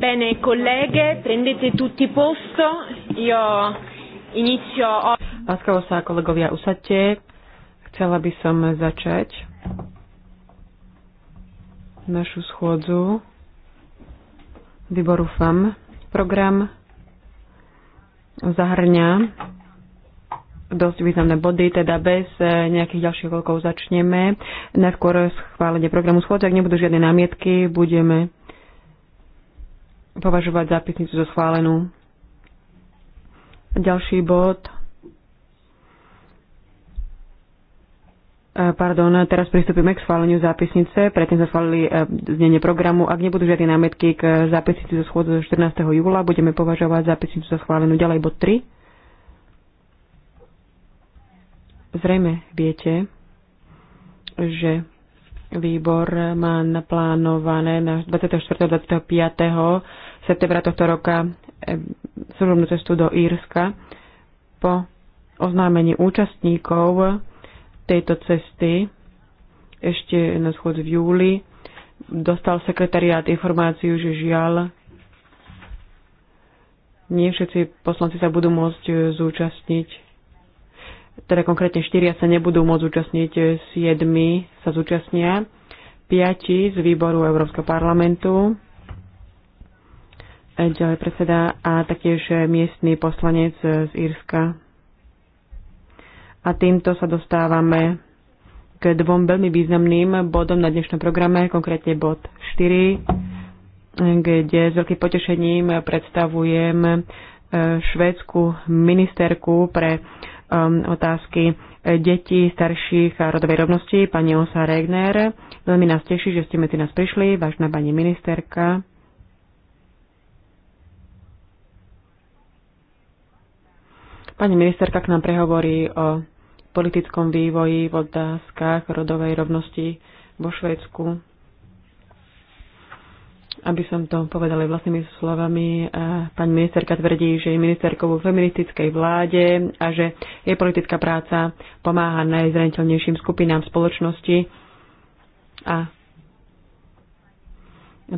Bene, colleghe, prendete tutti posto. Io inizio... Láskavo sa, kolegovia, usadte. Chcela by som začať našu schôdzu výboru FAM. Program zahrňa dosť významné body, teda bez eh, nejakých ďalších veľkov začneme. Najskôr schválenie programu schôdza, ak nebudú žiadne námietky, budeme považovať zápisnicu za schválenú. Ďalší bod. E, pardon, teraz pristúpime k schváleniu zápisnice. Predtým sa schválili e, znenie programu. Ak nebudú žiadne námetky k e, zápisnici zo schôdze 14. júla, budeme považovať zápisnicu za schválenú. Ďalej bod 3. Zrejme viete, že Výbor má naplánované na 24. a 25. septembra tohto roka eh, služobnú cestu do Írska. Po oznámení účastníkov tejto cesty ešte na schod v júli dostal sekretariát informáciu, že žiaľ nie všetci poslanci sa budú môcť zúčastniť teda konkrétne štyria sa nebudú môcť zúčastniť, e, siedmi sa zúčastnia, piati z výboru Európskeho parlamentu, e, ďalej predseda a taktiež e, miestný poslanec z Írska. A týmto sa dostávame k dvom veľmi významným bodom na dnešnom programe, konkrétne bod 4, kde s veľkým potešením predstavujem švédsku ministerku pre Um, otázky e, detí, starších a rodovej rovnosti. Pani Osa Regner, veľmi nás teší, že ste medzi nás prišli, vážna pani ministerka. Pani ministerka k nám prehovorí o politickom vývoji v otázkach rodovej rovnosti vo Švedsku aby som to povedala vlastnými slovami, eh, pani ministerka tvrdí, že je ministerkou vo feministickej vláde a že jej politická práca pomáha najzraniteľnejším skupinám spoločnosti a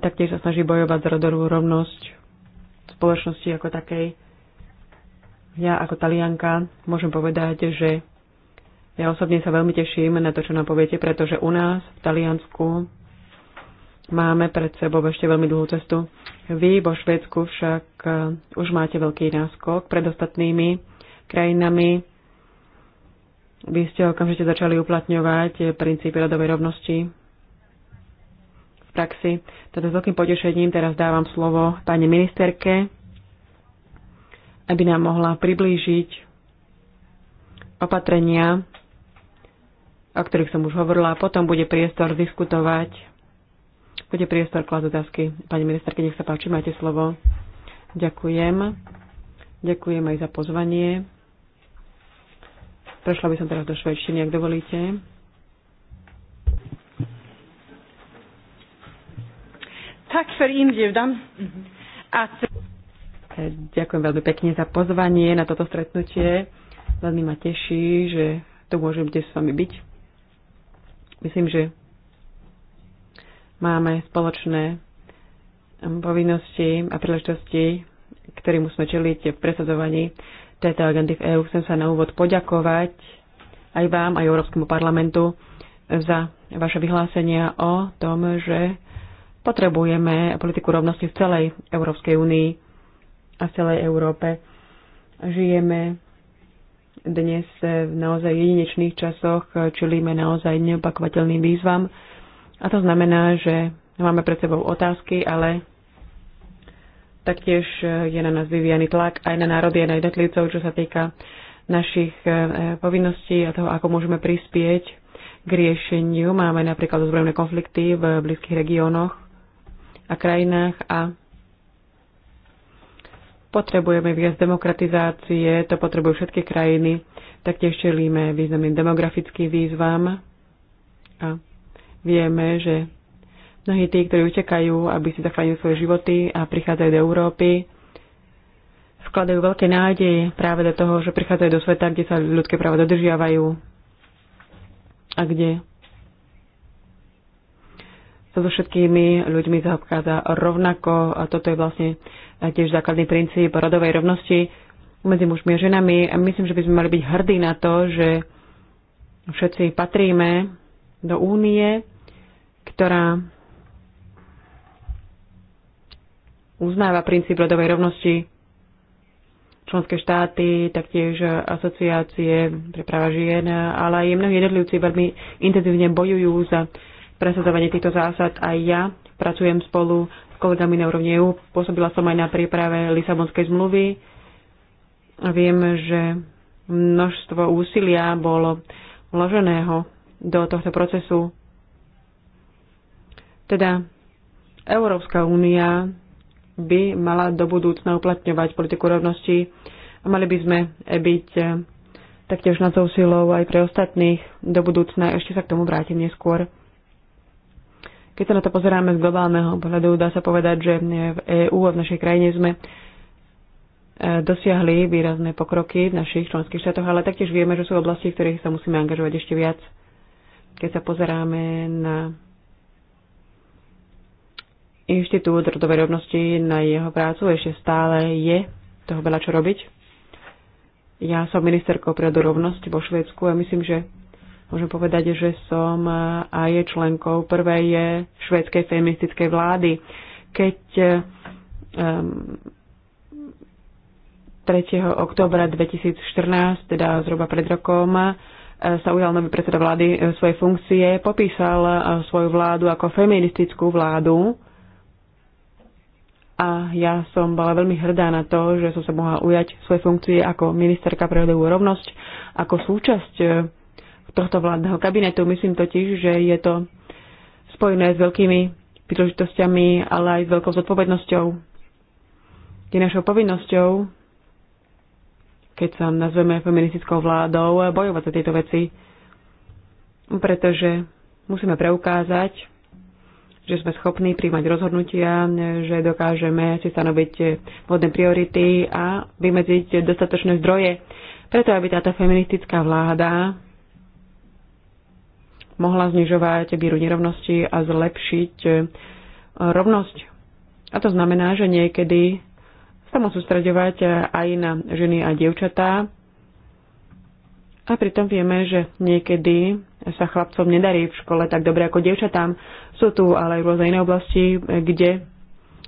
taktiež sa snaží bojovať za rodovú rovnosť spoločnosti ako takej. Ja ako talianka môžem povedať, že ja osobne sa veľmi teším na to, čo nám poviete, pretože u nás v Taliansku Máme pred sebou ešte veľmi dlhú cestu. Vy vo Švedsku však e, už máte veľký náskok pred ostatnými krajinami. Vy ste okamžite začali uplatňovať princípy radovej rovnosti v praxi. Teda s veľkým potešením teraz dávam slovo pani ministerke, aby nám mohla priblížiť opatrenia, o ktorých som už hovorila, a potom bude priestor diskutovať bude priestor klas otázky. Pani ministerke, nech sa páči, máte slovo. Ďakujem. Ďakujem aj za pozvanie. Prešla by som teraz do švedštiny, ak dovolíte. Tack för inbjudan. Att... E, ďakujem veľmi pekne za pozvanie na toto stretnutie. Veľmi ma teší, že tu môžem dnes s vami byť. Myslím, že Máme spoločné um, povinnosti a príležitosti, ktorým musíme čeliť v presadzovaní tejto agendy v EÚ. Chcem sa na úvod poďakovať aj vám, aj Európskemu parlamentu za vaše vyhlásenia o tom, že potrebujeme politiku rovnosti v celej Európskej únii a v celej Európe. Žijeme dnes v naozaj jedinečných časoch, čelíme naozaj neopakovateľným výzvam a to znamená, že máme pred sebou otázky, ale taktiež e, je na nás vyvíjaný tlak aj na národy, aj na jednotlivcov, čo sa týka našich e, povinností a toho, ako môžeme prispieť k riešeniu. Máme napríklad ozbrojené konflikty v blízkych regiónoch a krajinách a potrebujeme viac demokratizácie, to potrebujú všetky krajiny, taktiež čelíme významným demografickým výzvam a Vieme, že mnohí tí, ktorí utekajú, aby si zachránili svoje životy a prichádzajú do Európy, vkladajú veľké nádeje práve do toho, že prichádzajú do sveta, kde sa ľudské práva dodržiavajú a kde sa so všetkými ľuďmi zaobchádza rovnako a toto je vlastne tiež základný princíp rodovej rovnosti medzi mužmi a ženami. A myslím, že by sme mali byť hrdí na to, že všetci patríme do únie, ktorá uznáva princíp rodovej rovnosti členské štáty, taktiež asociácie pre práva žien, ale aj mnohí jednotlivci veľmi intenzívne bojujú za presadzovanie týchto zásad. Aj ja pracujem spolu s kolegami na úrovni EU. Pôsobila som aj na príprave Lisabonskej zmluvy. Viem, že množstvo úsilia bolo vloženého do tohto procesu. Teda Európska únia by mala do budúcna uplatňovať politiku rovnosti a mali by sme byť eh, taktiež tou silou aj pre ostatných do budúcna. Ešte sa k tomu vrátim neskôr. Keď sa na to pozeráme z globálneho pohľadu, dá sa povedať, že v EÚ a v našej krajine sme eh, dosiahli výrazné pokroky v našich členských štátoch, ale taktiež vieme, že sú oblasti, v ktorých sa musíme angažovať ešte viac keď sa pozeráme na Inštitút rodovej rovnosti, na jeho prácu, ešte stále je toho veľa čo robiť. Ja som ministerkou pre rovnosť vo Švedsku a myslím, že môžem povedať, že som aj členkou prvej švédskej feministickej vlády. Keď um, 3. oktobra 2014, teda zhruba pred rokom, sa ujal nový predseda vlády e, svojej funkcie, popísal e, svoju vládu ako feministickú vládu. A ja som bola veľmi hrdá na to, že som sa mohla ujať svoje funkcie ako ministerka pre rodovú rovnosť, ako súčasť e, tohto vládneho kabinetu. Myslím totiž, že je to spojené s veľkými príležitosťami, ale aj s veľkou zodpovednosťou. Je našou povinnosťou keď sa nazveme feministickou vládou, bojovať za tieto veci, pretože musíme preukázať, že sme schopní príjmať rozhodnutia, že dokážeme si stanoviť vodné priority a vymedziť dostatočné zdroje, preto aby táto feministická vláda mohla znižovať bíru nerovnosti a zlepšiť rovnosť. A to znamená, že niekedy sa má sústredovať eh, aj na ženy a dievčatá. A pritom vieme, že niekedy sa chlapcom nedarí v škole tak dobre ako dievčatám. Sú tu ale aj rôzne iné oblasti, eh, kde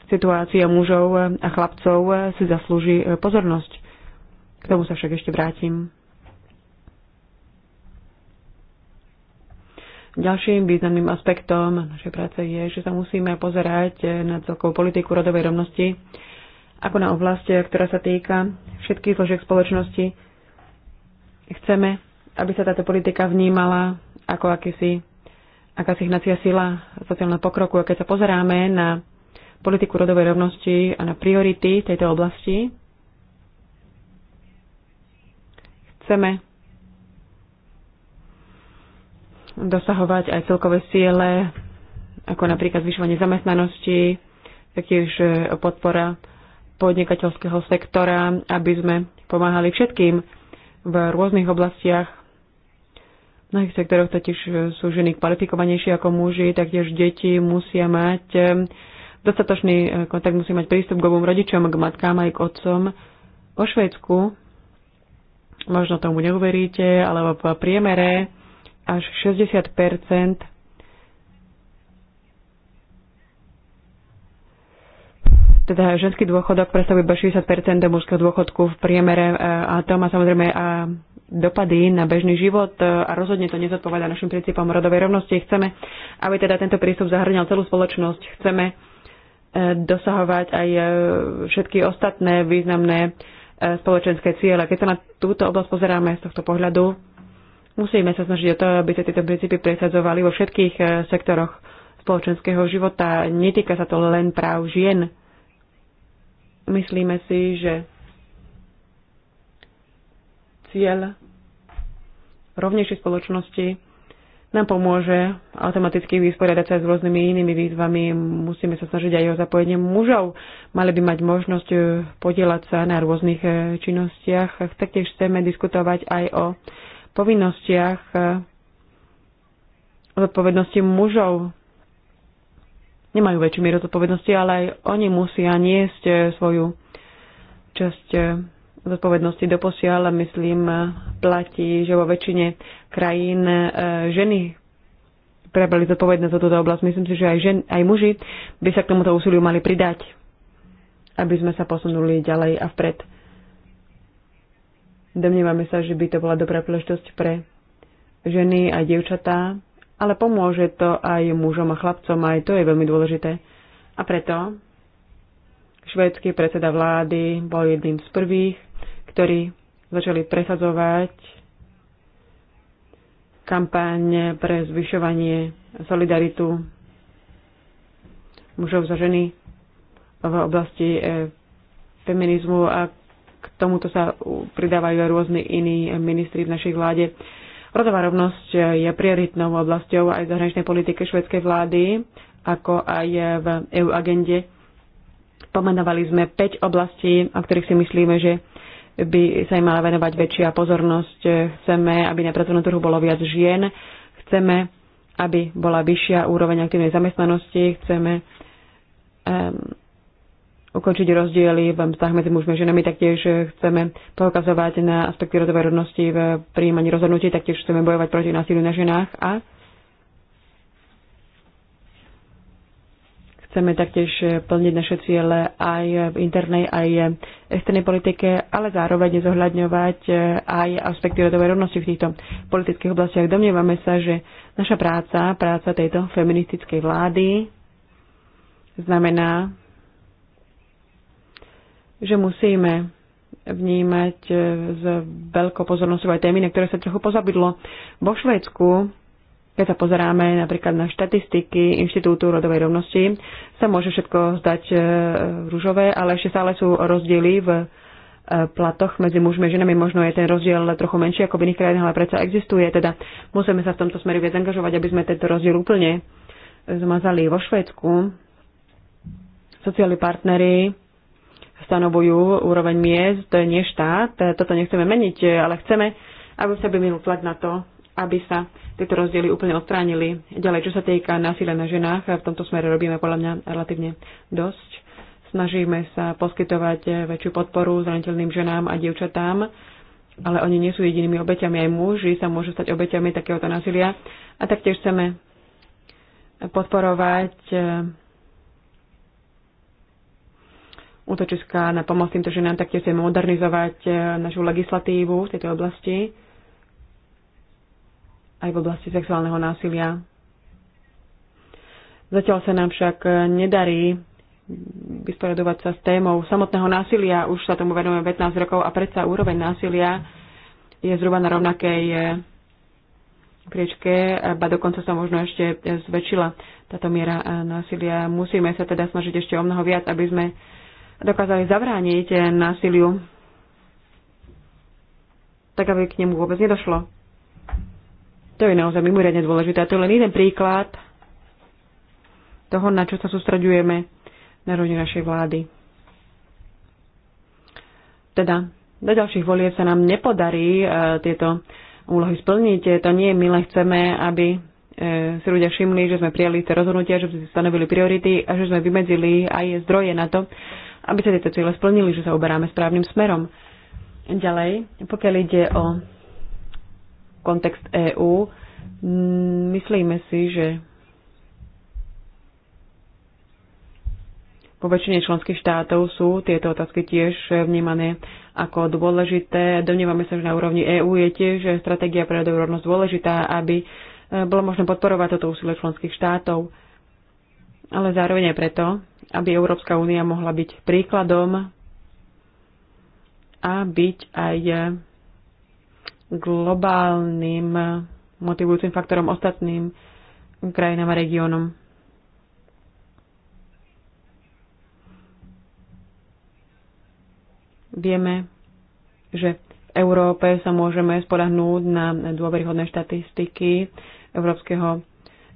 situácia mužov eh, a chlapcov si zaslúži pozornosť. K tomu sa však ešte vrátim. Ďalším významným aspektom našej práce je, že sa musíme pozerať na celkovú politiku rodovej rovnosti ako na oblasť, eh, ktorá sa týka všetkých zložiek spoločnosti. Chceme, aby sa táto politika vnímala ako akýsi, akási hnacia sila sociálneho pokroku. A keď sa pozeráme na politiku rodovej rovnosti a na priority tejto oblasti, chceme dosahovať aj celkové ciele, ako napríklad zvyšovanie zamestnanosti, taktiež eh, podpora podnikateľského sektora, aby sme pomáhali všetkým v rôznych oblastiach. V mnohých sektoroch totiž sú ženy kvalifikovanejšie ako muži, taktiež deti musia mať eh, dostatočný eh, kontakt, musí mať prístup k obom rodičom, k matkám aj k otcom. Vo Švedsku, možno tomu neuveríte, ale v priemere až 60 Teda ženský dôchodok predstavuje iba 60 mužského dôchodku v priemere e, a to má samozrejme a e, dopady na bežný život e, a rozhodne to nezodpoveda našim princípom rodovej rovnosti. Chceme, aby teda tento prístup zahrňal celú spoločnosť. Chceme dosahovať aj všetky ostatné významné spoločenské ciele. Keď sa na túto oblasť pozeráme z tohto pohľadu, musíme sa snažiť o to, aby sa tieto princípy presadzovali vo všetkých sektoroch spoločenského života. Netýka sa to len práv žien. Myslíme si, že cieľ rovnejšej spoločnosti nám pomôže automaticky vysporiadať sa s rôznymi inými výzvami. Musíme sa snažiť aj o zapojenie mužov. Mali by mať možnosť podielať sa na rôznych e, činnostiach. Taktiež chceme diskutovať aj o povinnostiach e, zodpovednosti mužov nemajú väčšiu mieru zodpovednosti, ale aj oni musia niesť e, svoju časť e, zodpovednosti do posiaľ. myslím, e, platí, že vo väčšine krajín ženy prebrali zodpovednosť za túto oblasť. Myslím si, že aj, žen, aj muži by sa k tomuto úsiliu mali pridať, aby sme sa posunuli ďalej a vpred. Domnievame sa, že by to bola dobrá príležitosť pre ženy a dievčatá ale pomôže to aj mužom a chlapcom, aj to je veľmi dôležité. A preto švédsky predseda vlády bol jedným z prvých, ktorí začali presadzovať kampaň pre zvyšovanie solidaritu mužov za ženy v oblasti eh, feminizmu a k tomuto sa pridávajú aj iní ministri v našej vláde. Rodová rovnosť je prioritnou oblasťou aj zahraničnej politiky švedskej vlády, ako aj v EU agende. Pomenovali sme 5 oblastí, o ktorých si myslíme, že by sa im mala venovať väčšia pozornosť. Chceme, aby na pracovnom trhu bolo viac žien. Chceme, aby bola vyššia úroveň aktívnej zamestnanosti. Chceme, um, ukončiť rozdiely v mstách medzi mužmi a ženami, taktiež chceme poukazovať na aspekty rodovej rovnosti v príjmaní rozhodnutí, taktiež chceme bojovať proti násiliu na ženách a chceme taktiež plniť naše ciele aj v internej, aj externej politike, ale zároveň zohľadňovať aj aspekty rodovej rovnosti v týchto politických oblastiach. Domnievame sa, že naša práca, práca tejto feministickej vlády znamená že musíme vnímať e, s veľkou pozornosťou aj témy, na ktoré sa trochu pozabudlo. Vo Švédsku, keď sa pozeráme napríklad na štatistiky Inštitútu rodovej rovnosti, sa môže všetko zdať e, rúžové, ale ešte stále sú rozdiely v e, platoch medzi mužmi a ženami. Možno je ten rozdiel trochu menší ako v iných krajinách, ale predsa existuje. Teda musíme sa v tomto smeru viac angažovať, aby sme tento rozdiel úplne zmazali. Vo Švédsku sociálni partnery stanovujú úroveň miest, nie štát. Toto nechceme meniť, ale chceme, aby sa by minul tlak na to, aby sa tieto rozdiely úplne odstránili. Ďalej, čo sa týka násilia na ženách, v tomto smere robíme podľa mňa relatívne dosť. Snažíme sa poskytovať väčšiu podporu zraniteľným ženám a dievčatám, ale oni nie sú jedinými obeťami, aj muži sa môžu stať obeťami takéhoto násilia. A taktiež chceme podporovať útočiska na pomoc týmto ženám, tak tiež chceme modernizovať e, našu legislatívu v tejto oblasti, aj v oblasti sexuálneho násilia. Zatiaľ sa nám však e, nedarí vysporadovať sa s témou samotného násilia. Už sa tomu venujeme 15 rokov a predsa úroveň násilia je zhruba na rovnakej e, priečke, ba dokonca sa možno ešte zväčšila táto miera násilia. Musíme sa teda snažiť ešte o mnoho viac, aby sme dokázali zabrániť eh, násiliu, tak aby k nemu vôbec nedošlo. To je naozaj mimoriadne dôležité. A to je len jeden príklad toho, na čo sa sústraďujeme na rovni našej vlády. Teda, do ďalších volieb sa nám nepodarí e, tieto úlohy splniť. Eh, to nie my len chceme, aby si ľudia všimli, že sme prijali tie rozhodnutia, že sme stanovili priority a že sme vymedzili aj zdroje na to, aby sa tieto cieľe splnili, že sa uberáme správnym smerom. Ďalej, pokiaľ ide o kontext EÚ, myslíme si, že po väčšine členských štátov sú tieto otázky tiež vnímané ako dôležité. Domnievame sa, že na úrovni EÚ je tiež stratégia pre rovnosť dôležitá, aby e, bolo možné podporovať toto úsilie členských štátov. Ale zároveň aj preto, aby Európska únia mohla byť príkladom a byť aj globálnym motivujúcim faktorom ostatným krajinám a regiónom. Vieme, že v Európe sa môžeme spodahnúť na dôveryhodné štatistiky Európskeho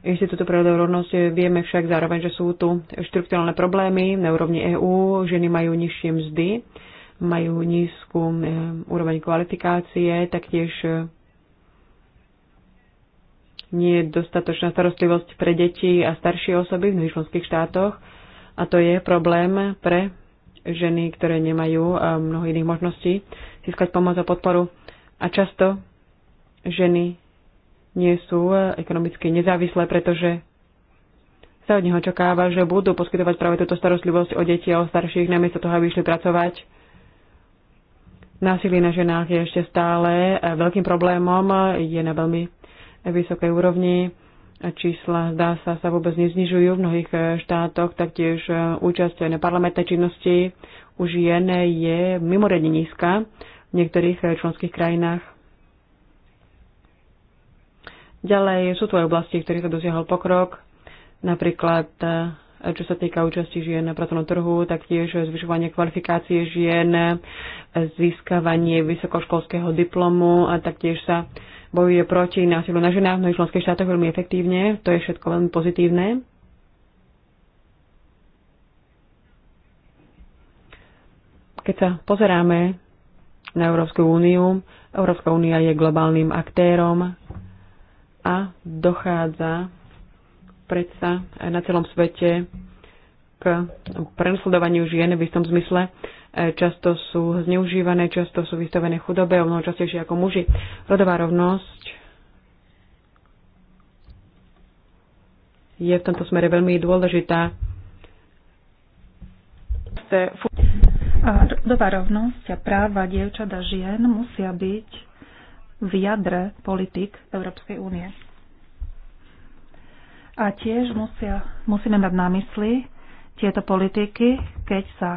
Inštitútu pre rovnosť. Vieme však zároveň, že sú tu štrukturálne problémy na úrovni EÚ, ženy majú nižšie mzdy, majú nízku e, úroveň kvalifikácie, taktiež e, nie je dostatočná starostlivosť pre deti a staršie osoby v členských štátoch a to je problém pre ženy, ktoré nemajú e, mnoho iných možností získať pomoc a podporu. A často ženy nie sú e, ekonomicky nezávislé, pretože sa od neho očakáva, že budú poskytovať práve túto starostlivosť o deti a o starších, namiesto toho, aby išli pracovať. Násilie na ženách je ešte stále e, veľkým problémom, je na veľmi vysokej úrovni. Čísla, zdá sa, sa vôbec neznižujú v mnohých e, štátoch, taktiež účasť na parlamentnej činnosti už jen je mimoriadne nízka v niektorých členských krajinách. Ďalej sú tu aj oblasti, v ktorých sa dosiahol pokrok, napríklad e, čo sa týka účasti žien na pracovnom trhu, taktiež zvyšovanie kvalifikácie žien, získavanie vysokoškolského diplomu a taktiež sa bojuje proti násilu na ženách v mnohých členských štátoch veľmi efektívne. To je všetko veľmi pozitívne. Keď sa pozeráme na Európsku úniu, Európska únia je globálnym aktérom, a dochádza predsa na celom svete k prenasledovaniu žien v istom zmysle. E, často sú zneužívané, často sú vystavené chudobe, o mnoho častejšie ako muži. Rodová rovnosť je v tomto smere veľmi dôležitá. Rodová rovnosť a práva dievčat a žien musia byť v jadre politik Európskej únie. A tiež musia, musíme mať na mysli tieto politiky, keď sa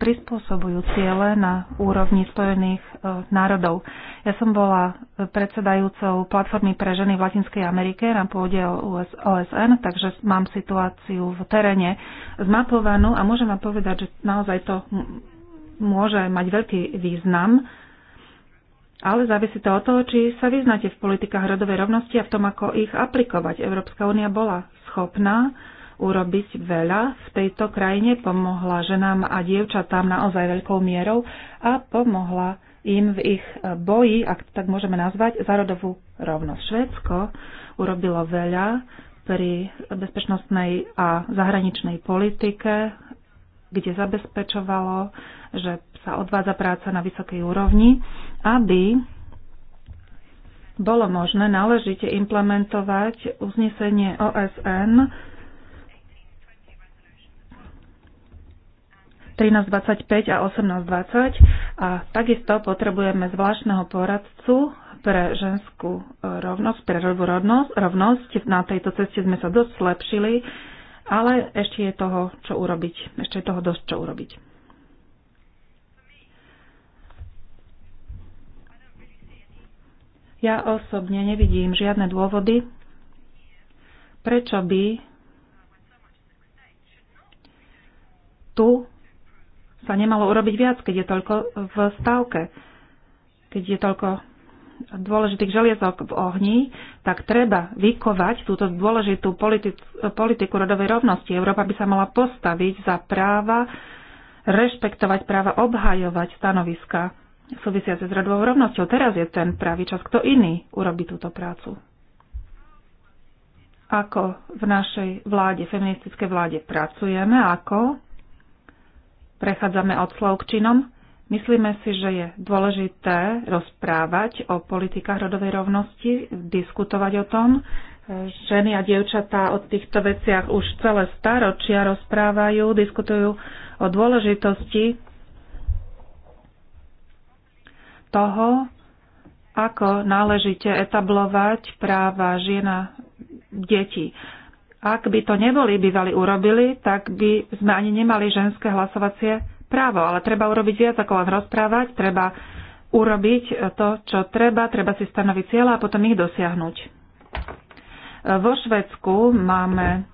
prispôsobujú ciele na úrovni Spojených e, národov. Ja som bola predsedajúcou platformy pre ženy v Latinskej Amerike na pôde OSN, takže mám situáciu v teréne zmapovanú a môžem vám povedať, že naozaj to môže mať veľký význam ale závisí to od toho, či sa vyznáte v politikách rodovej rovnosti a v tom, ako ich aplikovať. Európska únia bola schopná urobiť veľa v tejto krajine, pomohla ženám a dievčatám naozaj veľkou mierou a pomohla im v ich boji, ak to tak môžeme nazvať, za rodovú rovnosť. Švédsko urobilo veľa pri bezpečnostnej a zahraničnej politike, kde zabezpečovalo, že sa odvádza práca na vysokej úrovni, aby bolo možné náležite implementovať uznesenie OSN 1325 a 1820 a takisto potrebujeme zvláštneho poradcu pre ženskú e, rovnosť, pre rovnosť, rovnosť. Na tejto ceste sme sa dosť zlepšili, ale ešte je toho, čo urobiť. Ešte je toho dosť, čo urobiť. Ja osobne nevidím žiadne dôvody, prečo by tu sa nemalo urobiť viac, keď je toľko v stavke, keď je toľko dôležitých želiezok v ohni, tak treba vykovať túto dôležitú politi- politiku rodovej rovnosti. Európa by sa mala postaviť za práva, rešpektovať práva, obhajovať stanoviska súvisiace s rodovou rovnosťou. Teraz je ten pravý čas. Kto iný urobí túto prácu? Ako v našej vláde, feministickej vláde pracujeme, ako prechádzame od slov k činom. Myslíme si, že je dôležité rozprávať o politikách rodovej rovnosti, diskutovať o tom. Ženy a dievčatá o týchto veciach už celé staročia rozprávajú, diskutujú o dôležitosti toho, ako náležite etablovať práva žien a detí. Ak by to neboli bývali urobili, tak by sme ani nemali ženské hlasovacie právo. Ale treba urobiť viac ako len rozprávať, treba urobiť to, čo treba, treba si stanoviť cieľa a potom ich dosiahnuť. Vo Švedsku máme,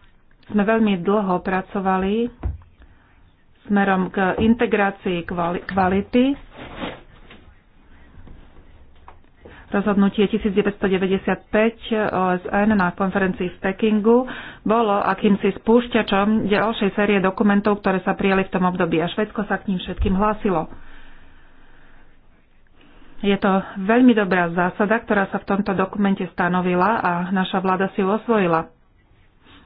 sme veľmi dlho pracovali smerom k integrácii kvality rozhodnutie 1995 OSN na konferencii v Pekingu bolo akýmsi spúšťačom ďalšej série dokumentov, ktoré sa prijali v tom období a Švedsko sa k ním všetkým hlásilo. Je to veľmi dobrá zásada, ktorá sa v tomto dokumente stanovila a naša vláda si ju osvojila.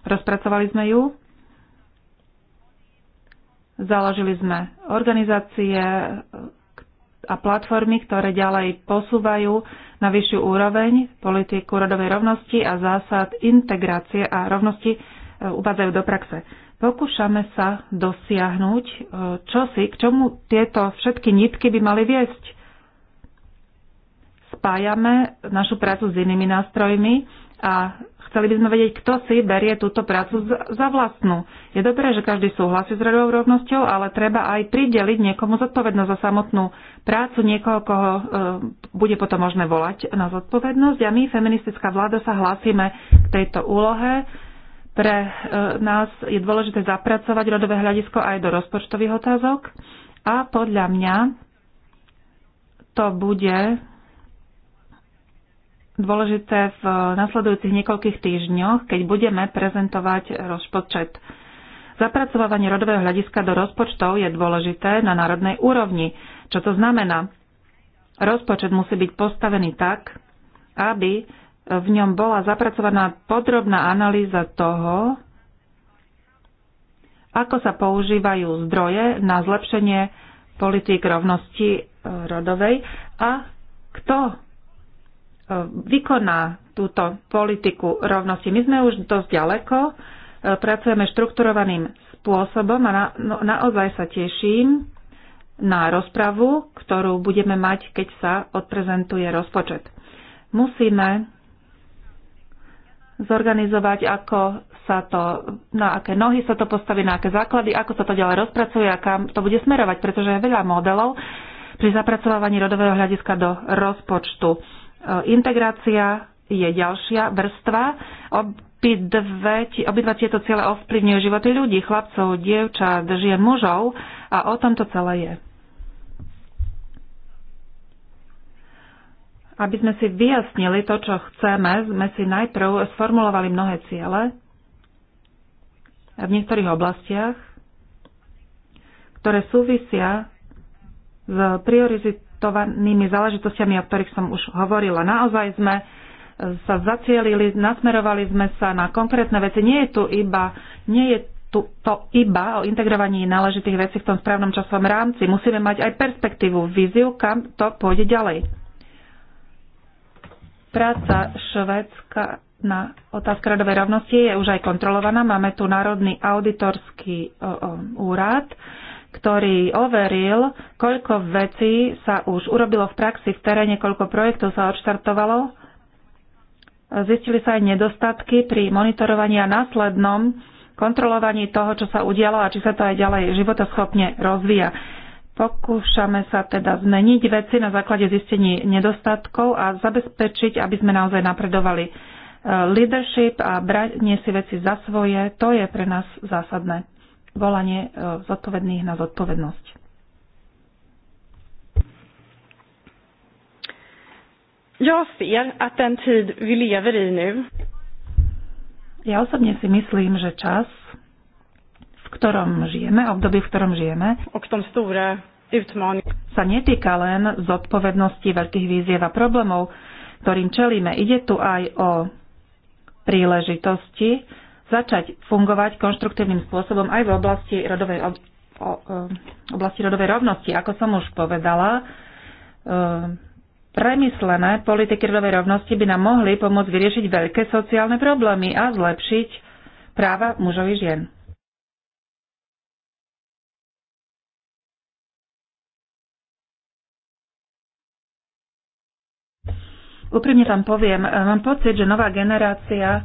Rozpracovali sme ju, založili sme organizácie, a platformy, ktoré ďalej posúvajú na vyššiu úroveň politiku rodovej rovnosti a zásad integrácie a rovnosti e, uvádzajú do praxe. Pokúšame sa dosiahnuť e, čosi, k čomu tieto všetky nitky by mali viesť. Spájame našu prácu s inými nástrojmi a chceli by sme vedieť, kto si berie túto prácu za vlastnú. Je dobré, že každý súhlasí s rodovou rovnosťou, ale treba aj prideliť niekomu zodpovednosť za samotnú prácu niekoho, koho e, bude potom možné volať na zodpovednosť. A my, feministická vláda, sa hlásime k tejto úlohe. Pre e, nás je dôležité zapracovať rodové hľadisko aj do rozpočtových otázok. A podľa mňa to bude dôležité v nasledujúcich niekoľkých týždňoch, keď budeme prezentovať rozpočet. Zapracovávanie rodového hľadiska do rozpočtov je dôležité na národnej úrovni. Čo to znamená? Rozpočet musí byť postavený tak, aby v ňom bola zapracovaná podrobná analýza toho, ako sa používajú zdroje na zlepšenie politík rovnosti e, rodovej a kto e, vykoná túto politiku rovnosti. My sme už dosť ďaleko, e, pracujeme štrukturovaným spôsobom a na, no, naozaj sa teším na rozpravu, ktorú budeme mať, keď sa odprezentuje rozpočet. Musíme zorganizovať, ako sa to, na aké nohy sa to postaví, na aké základy, ako sa to ďalej rozpracuje a kam to bude smerovať, pretože je veľa modelov pri zapracovávaní rodového hľadiska do rozpočtu. E, integrácia je ďalšia vrstva. Obidva obidva tieto ciele ovplyvňujú životy ľudí, chlapcov, dievčat, žien, mužov a o tom to celé je. aby sme si vyjasnili to, čo chceme, sme si najprv sformulovali mnohé ciele v niektorých oblastiach, ktoré súvisia s priorizovanými záležitostiami, o ktorých som už hovorila. Naozaj sme sa zacielili, nasmerovali sme sa na konkrétne veci. Nie je tu iba, nie je tu to iba o integrovaní náležitých vecí v tom správnom časovom rámci. Musíme mať aj perspektívu, víziu, kam to pôjde ďalej. Práca Švedska na otázke radovej rovnosti je už aj kontrolovaná. Máme tu Národný auditorský úrad, ktorý overil, koľko vecí sa už urobilo v praxi v teréne, koľko projektov sa odštartovalo. Zistili sa aj nedostatky pri monitorovaní a následnom kontrolovaní toho, čo sa udialo a či sa to aj ďalej životoschopne rozvíja. Pokúšame sa teda zmeniť veci na základe zistení nedostatkov a zabezpečiť, aby sme naozaj napredovali. E, leadership a branie si veci za svoje, to je pre nás zásadné. Volanie e, zodpovedných na zodpovednosť. Ja ser att den tid vi lever i nu. Ja osobne si myslím, že čas, ktorom žijeme, období, v ktorom žijeme, sa netýka len zodpovednosti veľkých víziev a problémov, ktorým čelíme. Ide tu aj o príležitosti začať fungovať konštruktívnym spôsobom aj v oblasti rodovej, o, o, e, oblasti rodovej rovnosti. Ako som už povedala, e, premyslené politiky rodovej rovnosti by nám mohli pomôcť vyriešiť veľké sociálne problémy a zlepšiť práva mužov i žien. Úprimne tam poviem, e, mám pocit, že nová generácia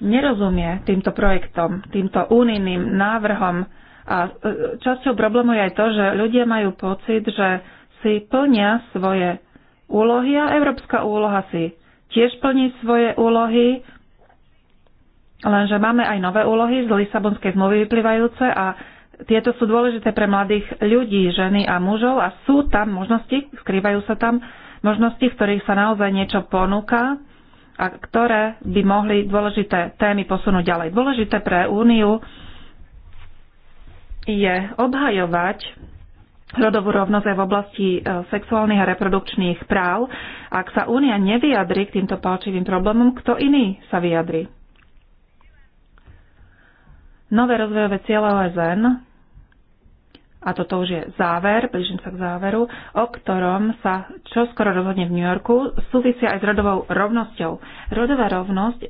nerozumie týmto projektom, týmto únijným návrhom. A e, časťou problému je aj to, že ľudia majú pocit, že si plnia svoje úlohy a európska úloha si tiež plní svoje úlohy, lenže máme aj nové úlohy z Lisabonskej zmluvy vyplývajúce a tieto sú dôležité pre mladých ľudí, ženy a mužov a sú tam možnosti, skrývajú sa tam možnosti, v ktorých sa naozaj niečo ponúka a ktoré by mohli dôležité témy posunúť ďalej. Dôležité pre Úniu je obhajovať rodovú rovnosť aj v oblasti e, sexuálnych a reprodukčných práv. Ak sa Únia nevyjadri k týmto palčivým problémom, kto iný sa vyjadri? Nové rozvojové cieľe OSN a toto už je záver, blížim sa k záveru, o ktorom sa čo skoro rozhodne v New Yorku, súvisia aj s rodovou rovnosťou. Rodová rovnosť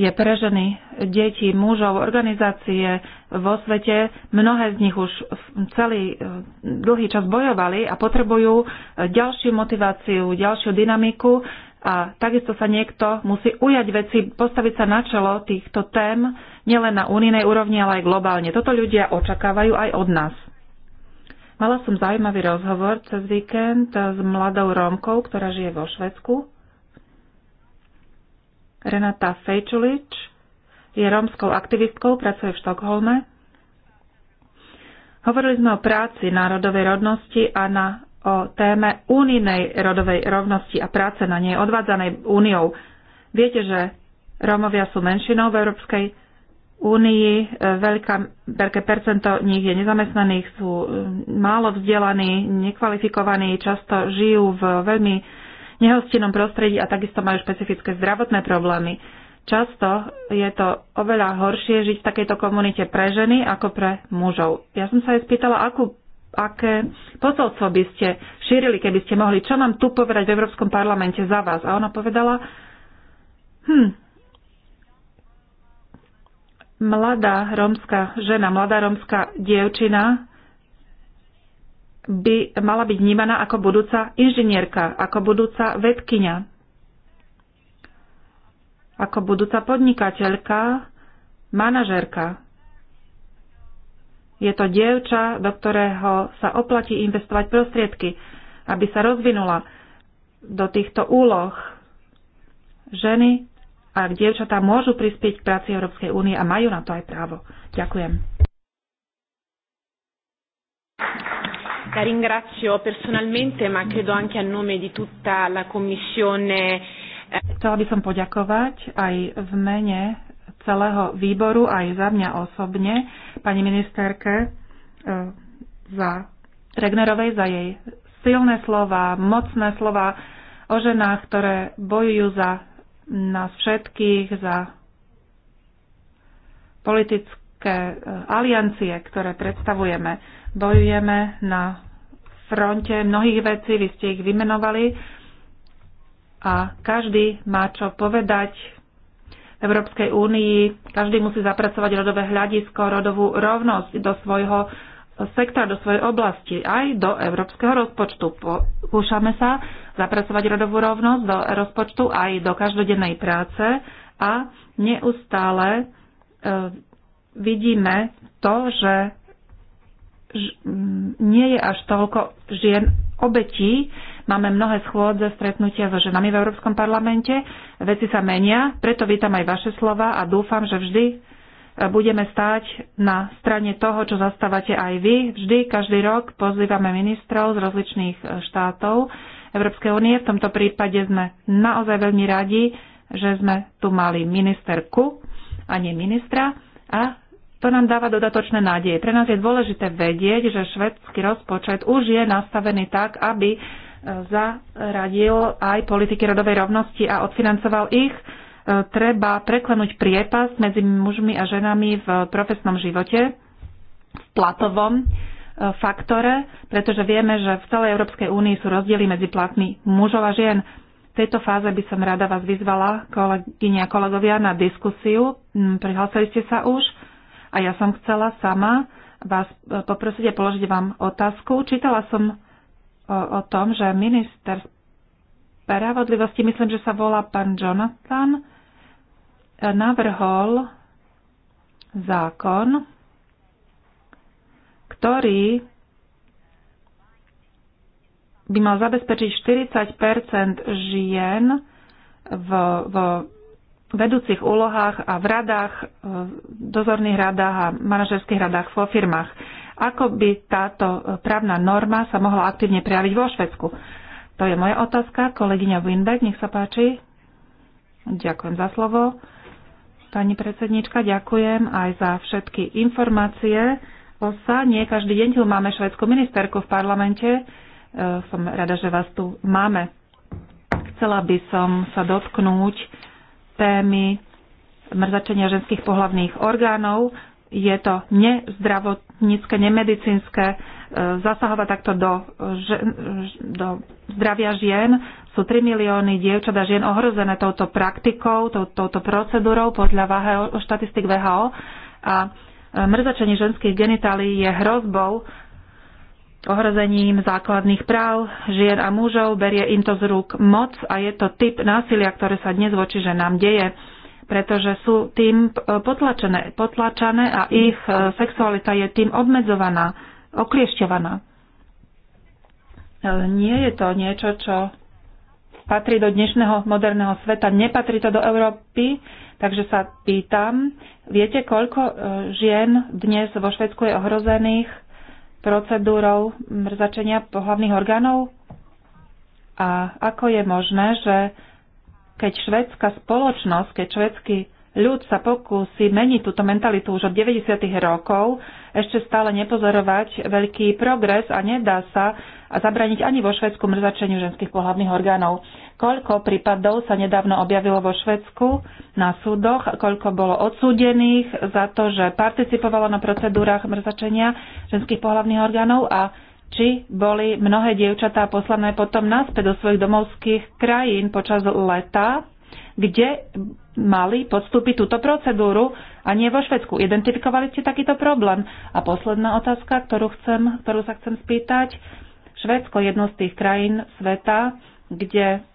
je pre ženy, deti, mužov, organizácie vo svete. Mnohé z nich už celý e, dlhý čas bojovali a potrebujú e, ďalšiu motiváciu, ďalšiu dynamiku, a takisto sa niekto musí ujať veci, postaviť sa na čelo týchto tém, nielen na unijnej úrovni, ale aj globálne. Toto ľudia očakávajú aj od nás. Mala som zaujímavý rozhovor cez víkend s mladou Rómkou, ktorá žije vo Švedsku. Renata Fejčulič je rómskou aktivistkou, pracuje v Štokholme. Hovorili sme o práci národovej rodnosti a na o téme únijnej rodovej rovnosti a práce na nej odvádzanej úniou. Viete, že Rómovia sú menšinou v Európskej únii, e, veľká, veľké percento nich je nezamestnaných, sú e, málo vzdelaní, nekvalifikovaní, často žijú v veľmi nehostinnom prostredí a takisto majú špecifické zdravotné problémy. Často je to oveľa horšie žiť v takejto komunite pre ženy ako pre mužov. Ja som sa aj spýtala, akú aké posolstvo by ste šírili, keby ste mohli, čo mám tu povedať v Európskom parlamente za vás. A ona povedala, hm, mladá rómska žena, mladá rómska dievčina by mala byť vnímaná ako budúca inžinierka, ako budúca vedkynia, ako budúca podnikateľka, manažérka, je to dievča, do ktorého sa oplatí investovať prostriedky, aby sa rozvinula do týchto úloh. Ženy a dievčatá môžu prispieť k práci Európskej únie a majú na to aj právo. Ďakujem. La ringrazio personalmente, ma credo anche a nome di tutta la Commissione. Eh, Chcela by som poďakovať aj v mene celého výboru, aj za mňa osobne pani ministerke e, za Regnerovej za jej silné slova, mocné slova o ženách, ktoré bojujú za nás všetkých, za politické e, aliancie, ktoré predstavujeme. Bojujeme na fronte mnohých vecí, vy ste ich vymenovali a každý má čo povedať Európskej únii každý musí zapracovať rodové hľadisko, rodovú rovnosť do svojho sektora, do svojej oblasti, aj do európskeho rozpočtu. Pokúšame sa zapracovať rodovú rovnosť do rozpočtu aj do každodennej práce a neustále e, vidíme to, že nie je až toľko žien obetí Máme mnohé schôdze, stretnutia so ženami v Európskom parlamente. Veci sa menia, preto vítam aj vaše slova a dúfam, že vždy e, budeme stáť na strane toho, čo zastávate aj vy. Vždy, každý rok pozývame ministrov z rozličných e, štátov Európskej únie. V tomto prípade sme naozaj veľmi radi, že sme tu mali ministerku a nie ministra. A to nám dáva dodatočné nádeje. Pre nás je dôležité vedieť, že švedský rozpočet už je nastavený tak, aby zaradil aj politiky rodovej rovnosti a odfinancoval ich. E, treba preklenúť priepas medzi mužmi a ženami v profesnom živote, v platovom e, faktore, pretože vieme, že v celej Európskej únii sú rozdiely medzi platmi mužov a žien. V tejto fáze by som rada vás vyzvala, kolegyne a kolegovia, na diskusiu. Mm, prihlásili ste sa už a ja som chcela sama vás e, poprosiť a položiť vám otázku. Čítala som o tom, že minister spravodlivosti, myslím, že sa volá pán Jonathan, navrhol zákon, ktorý by mal zabezpečiť 40 žien v, v vedúcich úlohách a v radách, v dozorných radách a manažerských radách vo firmách. Ako by táto e, právna norma sa mohla aktívne prejaviť vo Švedsku? To je moja otázka. Kolegyňa Windek, nech sa páči. Ďakujem za slovo. Pani predsednička, ďakujem aj za všetky informácie. OSA, nie každý deň tu máme švedskú ministerku v parlamente. E, som rada, že vás tu máme. Chcela by som sa dotknúť témy mrzačenia ženských pohlavných orgánov je to nezdravotnícke, nemedicínske e, zasahovať takto do, do zdravia žien. Sú 3 milióny dievčat a žien ohrozené touto praktikou, tou, touto procedúrou podľa VHO, štatistik VHO. A e, mrzačenie ženských genitálií je hrozbou, ohrozením základných práv žien a mužov, berie im to z rúk moc a je to typ násilia, ktoré sa dnes voči ženám deje pretože sú tým e, potlačené, potlačané a ich e, sexualita je tým obmedzovaná, okliešťovaná. E, nie je to niečo, čo patrí do dnešného moderného sveta, nepatrí to do Európy, takže sa pýtam, viete, koľko žien dnes vo Švedsku je ohrozených procedúrou mrzačenia pohlavných orgánov? A ako je možné, že keď švedská spoločnosť, keď švedský ľud sa pokúsi meniť túto mentalitu už od 90. rokov, ešte stále nepozorovať veľký progres a nedá sa a zabraniť ani vo Švedsku mrzačeniu ženských pohľavných orgánov. Koľko prípadov sa nedávno objavilo vo Švedsku na súdoch, koľko bolo odsúdených za to, že participovalo na procedúrach mrzačenia ženských pohľavných orgánov a či boli mnohé dievčatá poslané potom naspäť do svojich domovských krajín počas leta, kde mali podstúpiť túto procedúru a nie vo Švedsku. Identifikovali ste takýto problém? A posledná otázka, ktorú, chcem, ktorú sa chcem spýtať. Švedsko je jedno z tých krajín sveta, kde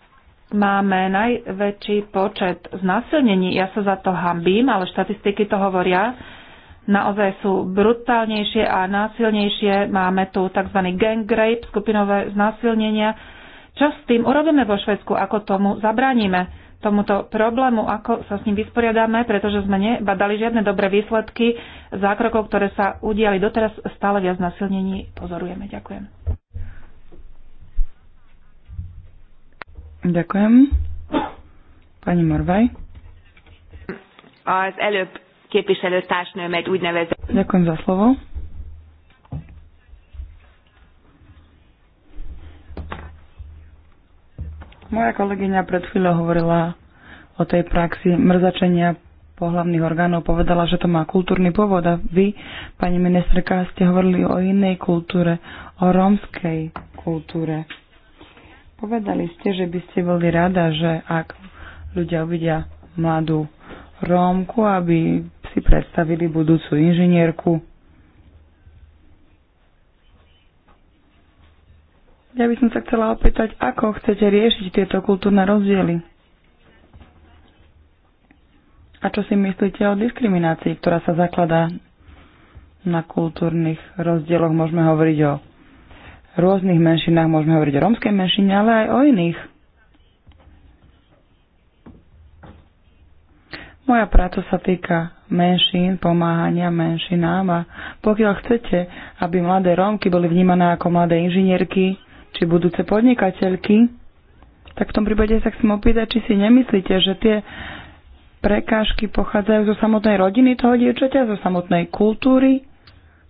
máme najväčší počet znásilnení. Ja sa za to hambím, ale štatistiky to hovoria naozaj sú brutálnejšie a násilnejšie. Máme tu tzv. gang rape, skupinové znásilnenia. Čo s tým urobíme vo Švedsku? Ako tomu zabránime? Tomuto problému, ako sa s ním vysporiadáme, pretože sme nebadali žiadne dobré výsledky zákrokov, ktoré sa udiali doteraz. Stále viac násilnení pozorujeme. Ďakujem. Ďakujem. Pani Morvaj. Az előbb egy úgynevezett. Ďakujem za slovo. Moja kolegyňa pred chvíľou hovorila o tej praxi mrzačenia pohľavných orgánov, povedala, že to má kultúrny pôvod a vy, pani ministerka, ste hovorili o inej kultúre, o rómskej kultúre. Povedali ste, že by ste boli rada, že ak ľudia uvidia mladú Rómku, aby si predstavili budúcu inžinierku. Ja by som sa chcela opýtať, ako chcete riešiť tieto kultúrne rozdiely? A čo si myslíte o diskriminácii, ktorá sa zakladá na kultúrnych rozdieloch? Môžeme hovoriť o rôznych menšinách, môžeme hovoriť o rómskej menšine, ale aj o iných. Moja práca sa týka menšín, pomáhania menšinám a pokiaľ chcete, aby mladé Rómky boli vnímané ako mladé inžinierky či budúce podnikateľky, tak v tom prípade sa chcem opýtať, či si nemyslíte, že tie prekážky pochádzajú zo samotnej rodiny toho dievčaťa, zo samotnej kultúry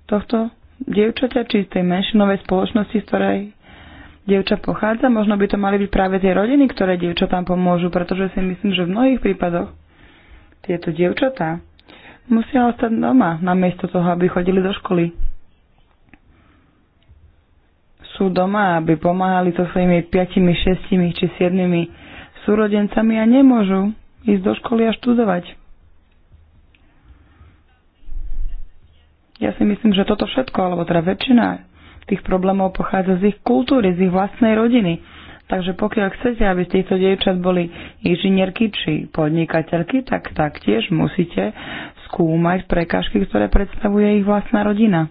tohto dievčaťa, či z tej menšinovej spoločnosti, z ktorej dievča pochádza. Možno by to mali byť práve tie rodiny, ktoré dievčatám pomôžu, pretože si myslím, že v mnohých prípadoch tieto dievčatá musia ostať doma, namiesto toho, aby chodili do školy. Sú doma, aby pomáhali so svojimi 5, 6 či 7 súrodencami a nemôžu ísť do školy a študovať. Ja si myslím, že toto všetko, alebo teda väčšina tých problémov pochádza z ich kultúry, z ich vlastnej rodiny. Takže pokiaľ chcete, aby tieto dievčat boli inžinierky či podnikateľky, tak taktiež musíte skúmať prekážky, ktoré predstavuje ich vlastná rodina.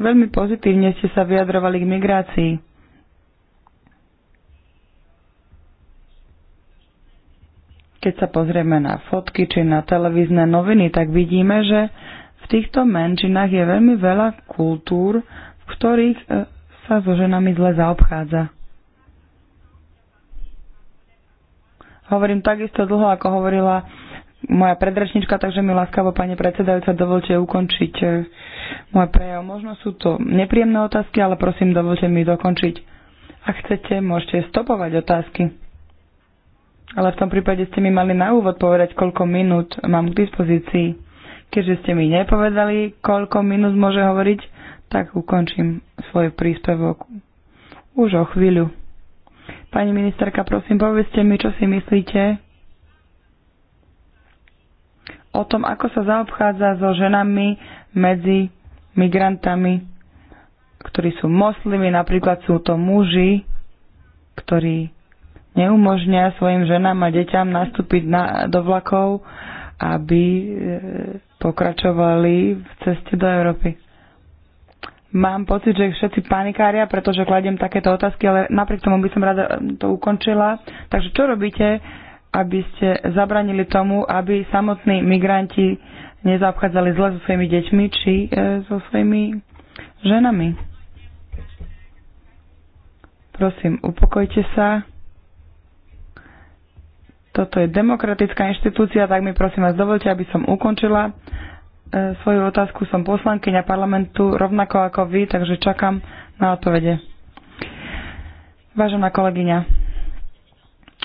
Veľmi pozitívne ste sa vyjadrovali k migrácii. Keď sa pozrieme na fotky či na televízne noviny, tak vidíme, že v týchto menšinách je veľmi veľa kultúr, v ktorých e, sa so ženami zle zaobchádza. Hovorím takisto dlho, ako hovorila moja predrečnička, takže mi láskavo pani predsedajúca dovolte ukončiť e, môj prejav. Možno sú to nepríjemné otázky, ale prosím dovolte mi dokončiť. Ak chcete, môžete stopovať otázky. Ale v tom prípade ste mi mali na úvod povedať, koľko minút mám k dispozícii. Keďže ste mi nepovedali, koľko minút môže hovoriť, tak ukončím svoj príspevok už o chvíľu. Pani ministerka, prosím, povedzte mi, čo si myslíte o tom, ako sa zaobchádza so ženami medzi migrantami, ktorí sú moslimi, napríklad sú to muži, ktorí neumožnia svojim ženám a deťam nastúpiť na, do vlakov, aby e, pokračovali v ceste do Európy. Mám pocit, že všetci panikária, pretože kladiem takéto otázky, ale napriek tomu by som rada eh, to ukončila. Takže čo robíte, aby ste zabranili tomu, aby samotní migranti nezaobchádzali zle so svojimi deťmi či e, so svojimi ženami? Prosím, upokojte sa. Toto je demokratická inštitúcia, tak mi prosím vás dovolte, aby som ukončila e, svoju otázku. Som poslankyňa parlamentu rovnako ako vy, takže čakám na odpovede. Vážená kolegyňa,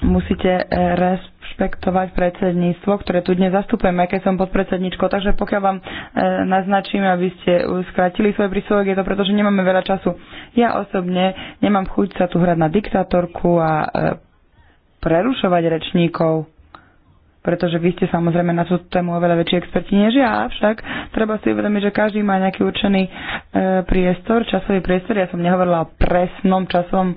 musíte e, rešpektovať predsedníctvo, ktoré tu dnes zastupujem, aj keď som podpredsedničkou, takže pokiaľ vám e, naznačím, aby ste skratili svoj príslovek, je to preto, že nemáme veľa času. Ja osobne nemám chuť sa tu hrať na diktátorku a prerušovať rečníkov, pretože vy ste samozrejme na tú tému oveľa väčší experti než ja, avšak treba si uvedomiť, že každý má nejaký určený e, priestor, časový priestor. Ja som nehovorila o presnom časovom e,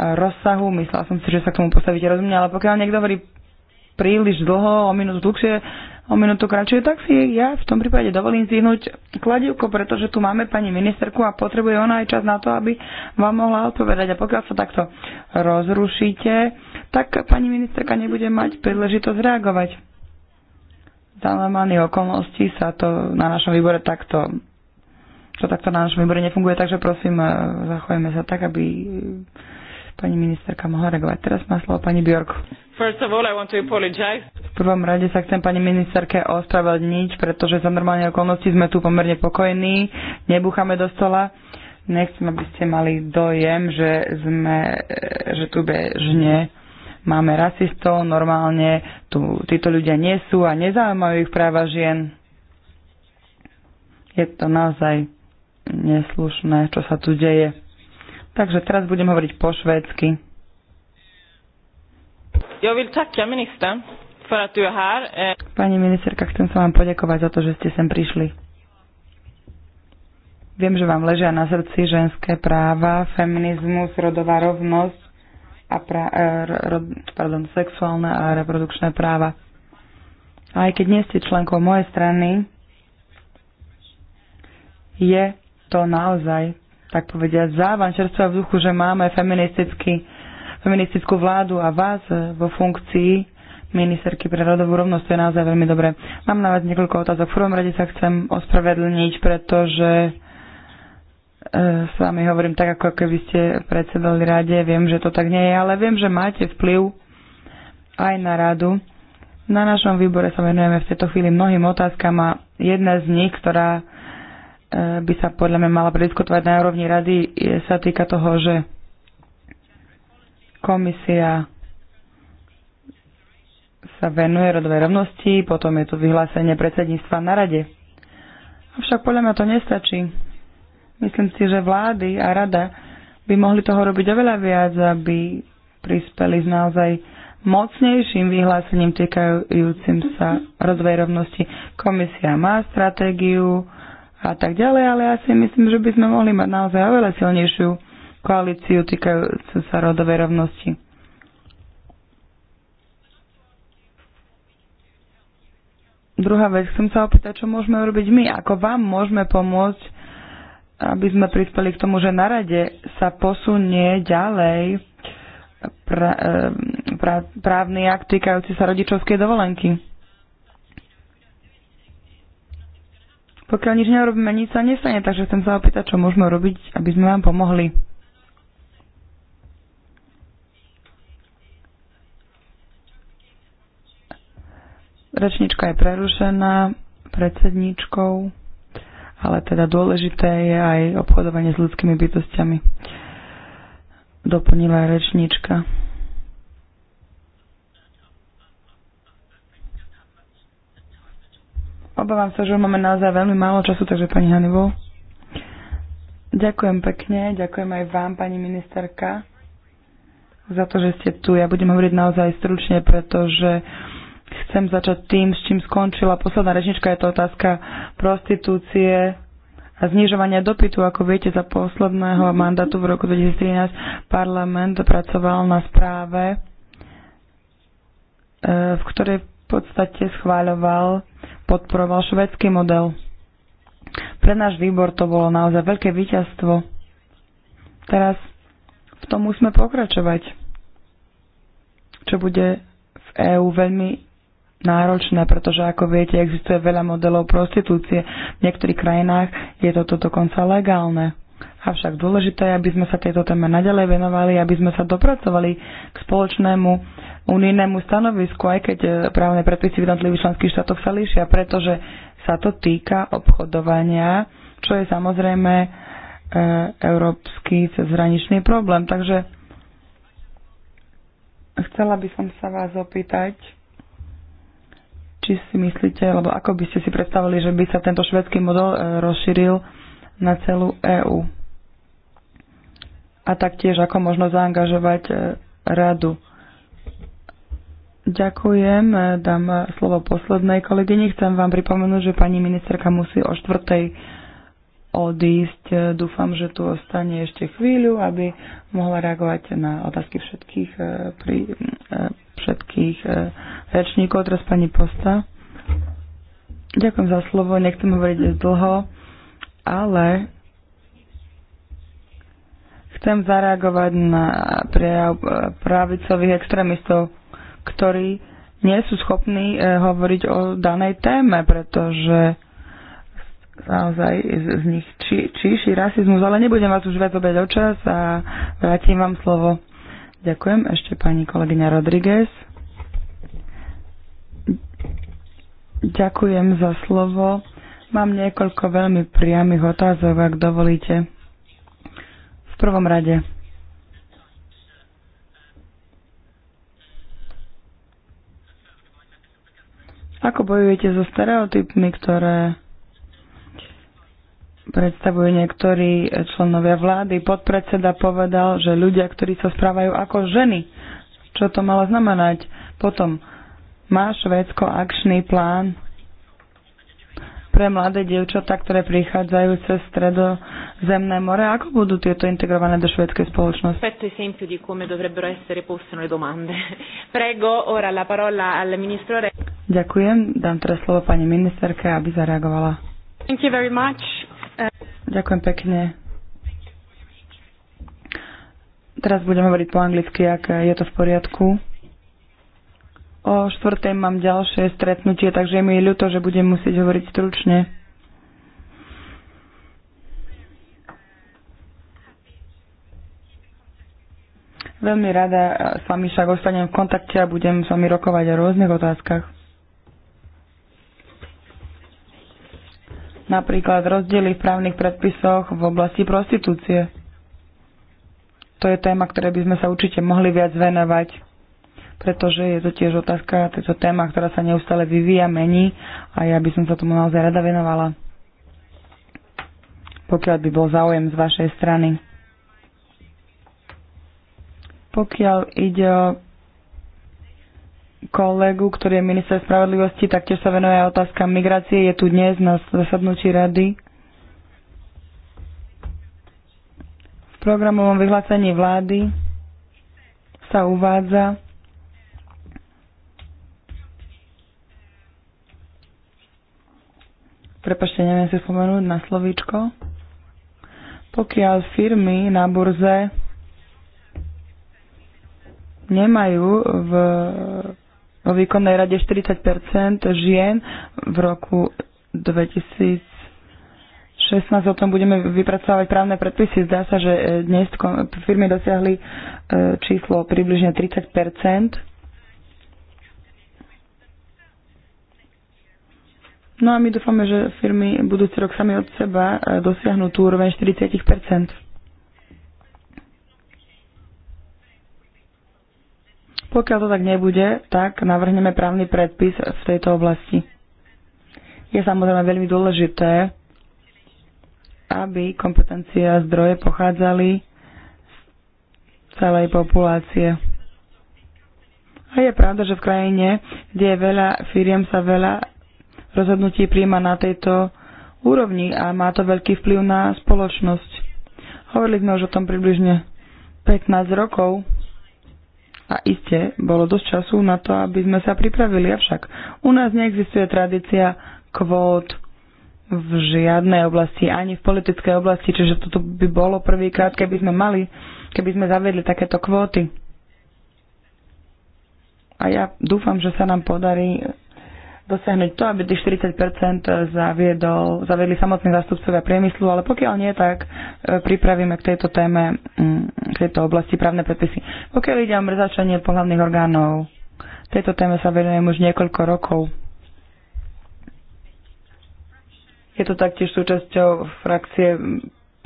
rozsahu, myslela som si, že sa k tomu postavíte rozumne, ale pokiaľ niekto hovorí príliš dlho, o minútu dlhšie, o minútu kratšie, tak si ja v tom prípade dovolím zvihnúť kladivko, pretože tu máme pani ministerku a potrebuje ona aj čas na to, aby vám mohla odpovedať. A pokiaľ sa takto rozrušíte, tak pani ministerka nebude mať príležitosť reagovať. Za normálnych okolností sa to na našom výbore takto to takto na našom výbore nefunguje, takže prosím, e, zachovajme sa tak, aby e, pani ministerka mohla reagovať. Teraz má slovo pani Bjork. V prvom rade sa chcem pani ministerke ospravedlniť, pretože za normálne okolnosti sme tu pomerne pokojní, nebúchame do stola. Nechcem, aby ste mali dojem, že sme, e, že tu bežne máme rasistov, normálne tu, títo ľudia nie sú a nezaujímajú ich práva žien. Je to naozaj neslušné, čo sa tu deje. Takže teraz budem hovoriť po švédsky. Ja vil takia minister, för att du är er här. Pani ministerka, chcem sa vám poďakovať za to, že ste sem prišli. Viem, že vám ležia na srdci ženské práva, feminizmus, rodová rovnosť a pra, e, ro, pardon, sexuálne a reprodukčné práva. Aj keď nie ste členkou mojej strany, je to naozaj, tak povediať, závan čerstvého vzduchu, že máme feministicky feministickú vládu a vás e, vo funkcii ministerky pre rodovú rovnosť, to je naozaj veľmi dobré. Mám na vás niekoľko otázok. V prvom rade sa chcem ospravedlniť, pretože Eh, s vami hovorím tak, ako keby ste predsedali rade. Viem, že to tak nie je, ale viem, že máte vplyv aj na radu. Na našom výbore sa venujeme v tejto chvíli mnohým otázkam a jedna z nich, ktorá eh, by sa podľa mňa mala prediskutovať na úrovni rady, sa týka toho, že komisia sa venuje rodovej rovnosti, potom je tu vyhlásenie predsedníctva na rade. Avšak podľa mňa to nestačí Myslím si, že vlády a rada by mohli toho robiť oveľa viac, aby prispeli s naozaj mocnejším vyhlásením týkajúcim sa rozvoj rovnosti. Komisia má stratégiu a tak ďalej, ale ja si myslím, že by sme mohli mať naozaj oveľa silnejšiu koalíciu týkajúcu sa rodovej rovnosti. Druhá vec, chcem sa opýtať, čo môžeme urobiť my, ako vám môžeme pomôcť aby sme prispeli k tomu, že na rade sa posunie ďalej pra, e, pra, právny akt týkajúci sa rodičovskej dovolenky. Pokiaľ nič neurobíme, nič sa nestane, takže chcem sa opýtať, čo môžeme robiť, aby sme vám pomohli. Rečnička je prerušená predsedničkou ale teda dôležité je aj obchodovanie s ľudskými bytostiami. Doplnila rečníčka. Obávam sa, že máme naozaj veľmi málo času, takže pani Hanivo. Ďakujem pekne, ďakujem aj vám, pani ministerka, za to, že ste tu. Ja budem hovoriť naozaj stručne, pretože Chcem začať tým, s čím skončila posledná rečnička, je to otázka prostitúcie a znižovania dopytu. Ako viete, za posledného mhm. mandátu v roku 2013 parlament pracoval na správe, e, v ktorej v podstate schváľoval, podporoval švedský model. Pre náš výbor to bolo naozaj veľké víťazstvo. Teraz v tom musíme pokračovať, čo bude v EÚ veľmi náročné, pretože ako viete, existuje veľa modelov prostitúcie. V niektorých krajinách je toto dokonca legálne. Avšak dôležité je, aby sme sa tejto téme nadalej venovali, aby sme sa dopracovali k spoločnému unijnému stanovisku, aj keď e, právne predpisy v jednotlivých členských štátoch sa líšia, pretože sa to týka obchodovania, čo je samozrejme e, európsky cezhraničný problém. Takže chcela by som sa vás opýtať, či si myslíte, alebo ako by ste si predstavili, že by sa tento švedský model e, rozšíril na celú EÚ. A taktiež, ako možno zaangažovať e, radu. Ďakujem, e, dám slovo poslednej kolegyni. Chcem vám pripomenúť, že pani ministerka musí o štvrtej odísť. Dúfam, že tu ostane ešte chvíľu, aby mohla reagovať na otázky všetkých pri, všetkých e, rečníkov. Teraz pani Posta. Ďakujem za slovo, nechcem hovoriť dlho, ale chcem zareagovať na prejav e, pravicových extrémistov, ktorí nie sú schopní e, hovoriť o danej téme, pretože naozaj z nich či, číši rasizmus, ale nebudem vás už viac obeť o čas a vrátim vám slovo. Ďakujem ešte pani kolegyňa Rodriguez. Ďakujem za slovo. Mám niekoľko veľmi priamých otázok, ak dovolíte. V prvom rade. Ako bojujete so stereotypmi, ktoré Predstavujú niektorí členovia vlády. Podpredseda povedal, že ľudia, ktorí sa správajú ako ženy, čo to malo znamenať? Potom má Švédsko akčný plán pre mladé dievčatá, ktoré prichádzajú cez stredozemné more. Ako budú tieto integrované do švedskej spoločnosti? Perfetto esempio di come dovrebbero essere poste le domande. Prego ora la parola al ministro Ďakujem. Dám teraz slovo pani ministerke, aby zareagovala. Thank you very much. Ďakujem pekne. Teraz budem hovoriť po anglicky, ak je to v poriadku. O štvrtej mám ďalšie stretnutie, takže mi je ľúto, že budem musieť hovoriť stručne. Veľmi rada s vami však ostanem v kontakte a budem s vami rokovať o rôznych otázkach. napríklad rozdiely v právnych predpisoch v oblasti prostitúcie. To je téma, ktoré by sme sa určite mohli viac venovať, pretože je to tiež otázka, to je to téma, ktorá sa neustále vyvíja, mení a ja by som sa tomu naozaj rada venovala, pokiaľ by bol záujem z vašej strany. Pokiaľ ide o kolegu, ktorý je minister spravodlivosti, taktiež sa venuje otázka migrácie, je tu dnes na zasadnutí rady. V programovom vyhlásení vlády sa uvádza, prepašte, neviem si spomenúť na slovíčko, pokiaľ firmy na burze nemajú v vo výkonnej rade 40 žien v roku 2016 o tom budeme vypracovať právne predpisy. Zdá sa, že e, dnes firmy dosiahli e, číslo približne 30 No a my dúfame, že firmy budúci rok sami od seba e, dosiahnu tú úroveň 40 Pokiaľ to tak nebude, tak navrhneme právny predpis v tejto oblasti. Je samozrejme veľmi dôležité, aby kompetencia a zdroje pochádzali z celej populácie. A je pravda, že v krajine, kde je veľa firiem, sa veľa rozhodnutí príjma na tejto úrovni a má to veľký vplyv na spoločnosť. Hovorili sme už o tom približne 15 rokov a iste, bolo dosť času na to, aby sme sa pripravili. Avšak u nás neexistuje tradícia kvót v žiadnej oblasti, ani v politickej oblasti, čiže toto by bolo prvýkrát, keby sme mali, keby sme zaviedli takéto kvóty. A ja dúfam, že sa nám podarí dosiahnuť to, aby tých 40 zaviedol, zaviedli samotní zástupcovia priemyslu, ale pokiaľ nie, tak e, pripravíme k tejto téme, mm, k tejto oblasti právne predpisy. Pokiaľ ide o mrzačenie pohľavných orgánov, tejto téme sa venujem už niekoľko rokov. Je to taktiež súčasťou frakcie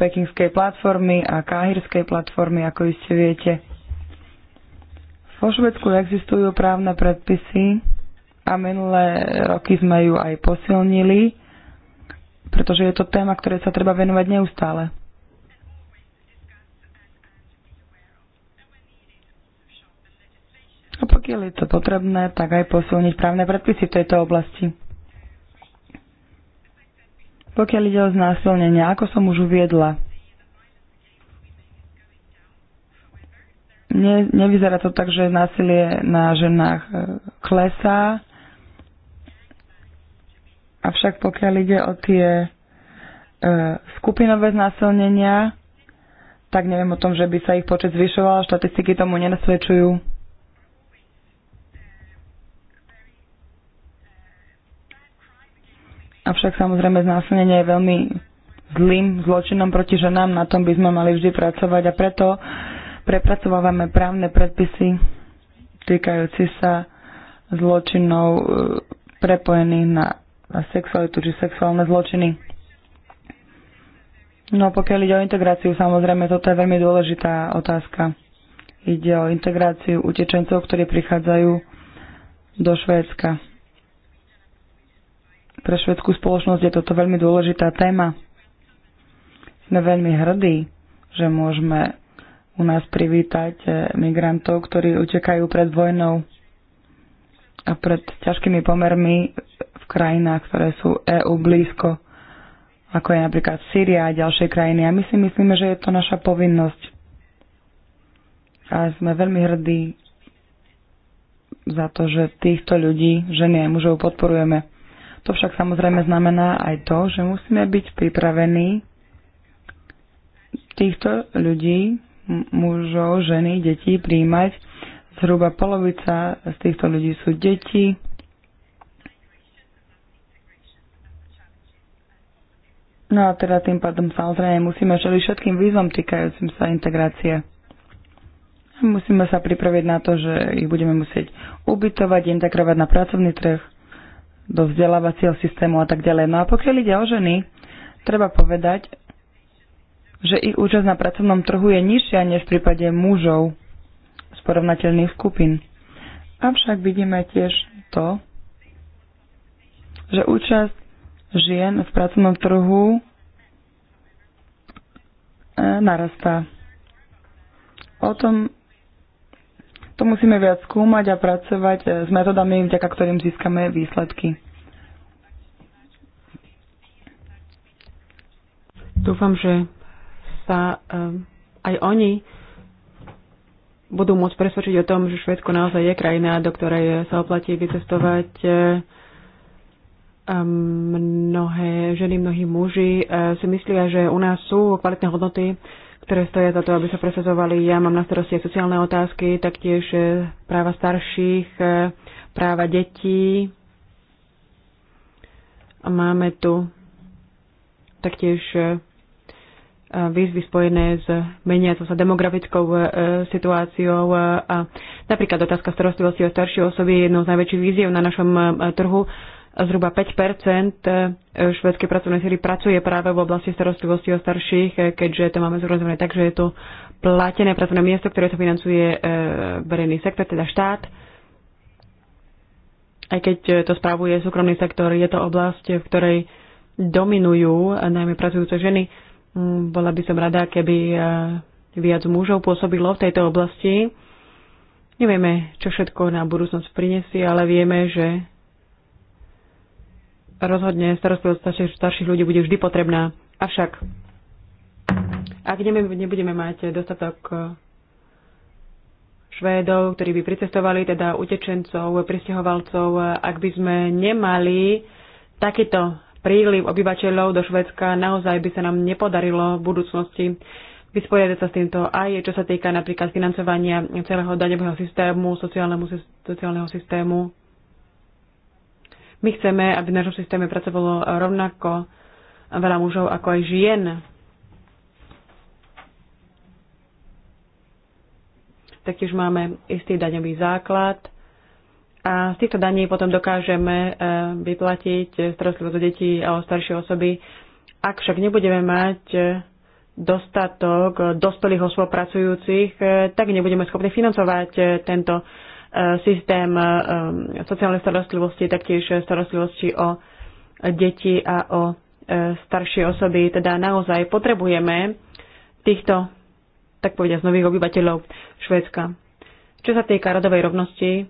pekingskej platformy a káhirskej platformy, ako iste viete. Vo Švedsku existujú právne predpisy, a minulé roky sme ju aj posilnili, pretože je to téma, ktoré sa treba venovať neustále. A pokiaľ je to potrebné, tak aj posilniť právne predpisy v tejto oblasti. Pokiaľ ide o znásilnenie, ako som už uviedla, ne, nevyzerá to tak, že násilie na ženách e, klesá, Avšak pokiaľ ide o tie e, skupinové znásilnenia, tak neviem o tom, že by sa ich počet zvyšoval, štatistiky tomu nenasvedčujú. Avšak samozrejme znásilnenie je veľmi zlým zločinom proti ženám, na tom by sme mali vždy pracovať a preto prepracovávame právne predpisy týkajúci sa zločinov e, prepojených na a sexualitu či sexuálne zločiny. No a pokiaľ ide o integráciu, samozrejme toto je veľmi dôležitá otázka. Ide o integráciu utečencov, ktorí prichádzajú do Švédska. Pre švedskú spoločnosť je toto veľmi dôležitá téma. Sme veľmi hrdí, že môžeme u nás privítať eh, migrantov, ktorí utekajú pred vojnou a pred ťažkými pomermi v krajinách, ktoré sú EU blízko, ako je napríklad Syria a ďalšie krajiny. A my si myslíme, že je to naša povinnosť. A sme veľmi hrdí za to, že týchto ľudí, ženy aj mužov, podporujeme. To však samozrejme znamená aj to, že musíme byť pripravení týchto ľudí, mužov, ženy, detí príjmať. Zhruba polovica z týchto ľudí sú deti, No a teda tým pádom samozrejme musíme čeliť všetkým výzvom týkajúcim sa integrácie. Musíme sa pripraviť na to, že ich budeme musieť ubytovať, integrovať na pracovný trh, do vzdelávacieho systému a tak ďalej. No a pokiaľ ide o ženy, treba povedať, že ich účasť na pracovnom trhu je nižšia než v prípade mužov z porovnateľných skupín. Avšak vidíme tiež to, že účasť žien v pracovnom trhu e, narastá. O tom to musíme viac skúmať a pracovať e, s metodami, vďaka ktorým získame výsledky. Dúfam, že sa e, aj oni budú môcť presvedčiť o tom, že Švedsko naozaj je krajina, do ktorej sa oplatí vycestovať Ehm, mnohé ženy, mnohí muži eh, si myslia, že u nás sú kvalitné hodnoty, ktoré stoja za to, aby sa presadzovali. Ja mám na starosti aj sociálne otázky, taktiež eh, práva starších, eh, práva detí. A máme tu taktiež výzvy spojené s meniacou sa demografickou situáciou a napríklad otázka starostlivosti o staršie osoby je jednou z najväčších víziev na našom trhu Zhruba 5 eh, švedskej pracovnej síly pracuje práve v oblasti starostlivosti o starších, eh, keďže to máme zrozumené tak, že je to platené pracovné miesto, ktoré to financuje eh, verejný sektor, teda štát. Aj keď to spravuje súkromný sektor, je to oblasť, v ktorej dominujú najmä pracujúce ženy. Mm, bola by som rada, keby viac mužov pôsobilo v tejto oblasti. Nevieme, čo všetko na budúcnosť prinesie, ale vieme, že Rozhodne starostlivosť starších, starších ľudí bude vždy potrebná. Avšak, ak nebudeme mať dostatok eh, Švédov, ktorí by pricestovali, teda utečencov, pristahovalcov, eh, ak by sme nemali takýto príliv obyvateľov do Švédska, naozaj by sa nám nepodarilo v budúcnosti vysporiadať sa s týmto aj čo sa týka napríklad financovania celého daňového systému, sociálneho systému. My chceme, aby v našom systéme pracovalo rovnako veľa mužov ako aj žien. Taktiež máme istý daňový základ a z týchto daní potom dokážeme eh, vyplatiť starostlivosť o deti a o staršie osoby. Ak však nebudeme mať eh, dostatok eh, dospelých osôb pracujúcich, tak nebudeme schopní financovať tento systém e, sociálnej starostlivosti, taktiež starostlivosti o deti a o e, staršie osoby. Teda naozaj potrebujeme týchto, tak povediať, nových obyvateľov Švédska. Čo sa týka radovej rovnosti,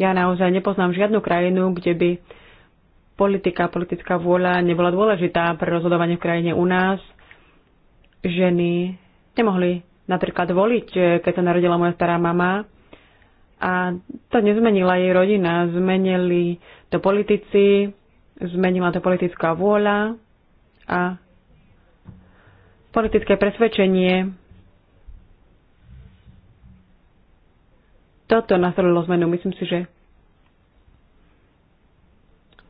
ja naozaj nepoznám žiadnu krajinu, kde by politika, politická vôľa nebola dôležitá pre rozhodovanie v krajine u nás. Ženy nemohli napríklad voliť, keď sa narodila moja stará mama. A to nezmenila jej rodina, zmenili to politici, zmenila to politická vôľa a politické presvedčenie. Toto nastolilo zmenu. Myslím si, že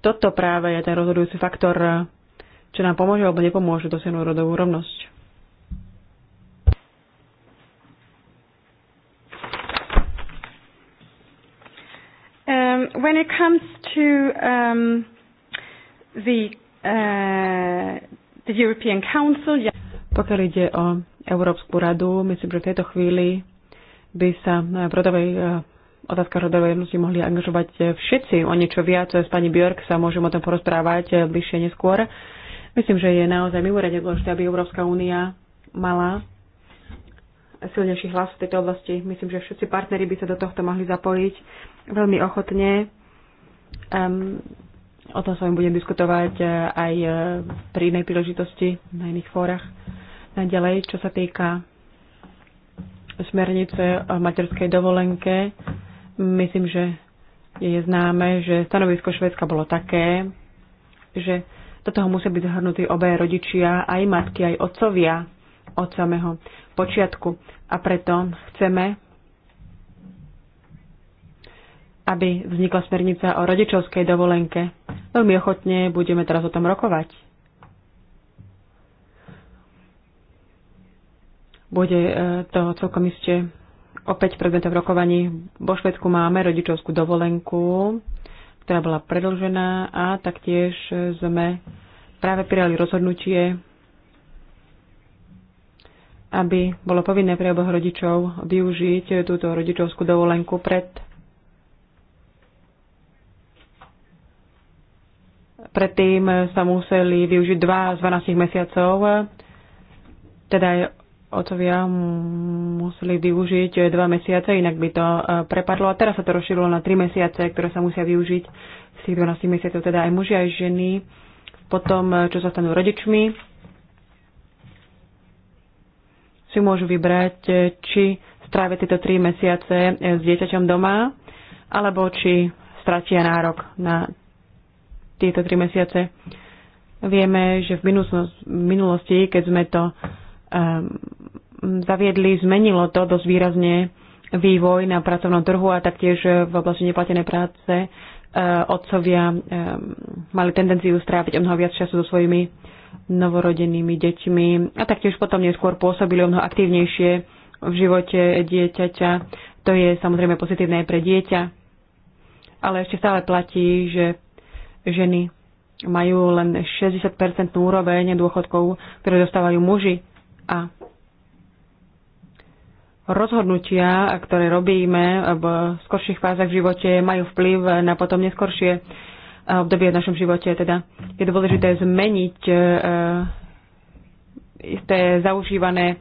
toto práve je ten rozhodujúci faktor, čo nám pomôže alebo nepomôže dosiahnuť rodovú rovnosť. it comes to um, the, uh, the European Council, yes. pokiaľ ide o Európsku radu, myslím, že v tejto chvíli by sa eh, v rodovej eh, otázka rodovej jednosti mohli angažovať eh, všetci o niečo viac. S pani Björk sa môžem o tom porozprávať bližšie neskôr. Myslím, že je naozaj mimoriadne dôležité, aby Európska únia mala silnejší hlas v tejto oblasti. Myslím, že všetci partneri by sa do tohto mohli zapojiť veľmi ochotne. Um, o tom s vami budem diskutovať e, aj e, pri inej príležitosti na iných fórach. Naďalej, čo sa týka smernice o materskej dovolenke, myslím, že je známe, že stanovisko Švedska bolo také, že do toho musia byť zahrnutí obe rodičia, aj matky, aj otcovia od samého počiatku. A preto chceme aby vznikla smernica o rodičovskej dovolenke. Veľmi ochotne budeme teraz o tom rokovať. Bude e, to celkom iste opäť predmetom rokovaní. Vo Švedsku máme rodičovskú dovolenku, ktorá bola predlžená a taktiež sme práve prijali rozhodnutie, aby bolo povinné pre oboch rodičov využiť túto rodičovskú dovolenku pred Predtým sa museli využiť 2 z 12 mesiacov, teda aj otcovia museli využiť 2 mesiace, inak by to e, prepadlo. A teraz sa to rozšírilo na 3 mesiace, ktoré sa musia využiť z tých 12 mesiacov, teda aj muži, aj ženy, potom, e, čo sa stanú rodičmi, si môžu vybrať, e, či strávia tieto 3 mesiace s dieťaťom doma, alebo či stratia nárok na tieto tri mesiace. Vieme, že v minulosti, keď sme to um, zaviedli, zmenilo to dosť výrazne vývoj na pracovnom trhu a taktiež v oblasti neplatenej práce eh, otcovia ehm, mali tendenciu stráviť o mnoho viac času so svojimi novorodenými deťmi a taktiež potom neskôr pôsobili o mnoho aktívnejšie v živote dieťaťa. To je samozrejme pozitívne aj pre dieťa, ale ešte stále platí, že ženy majú len 60% úroveň dôchodkov, ktoré dostávajú muži. A rozhodnutia, ktoré robíme v skorších fázach v živote, majú vplyv na potom neskoršie eh, obdobie v našom živote. Teda je dôležité zmeniť eh, isté zaužívané eh,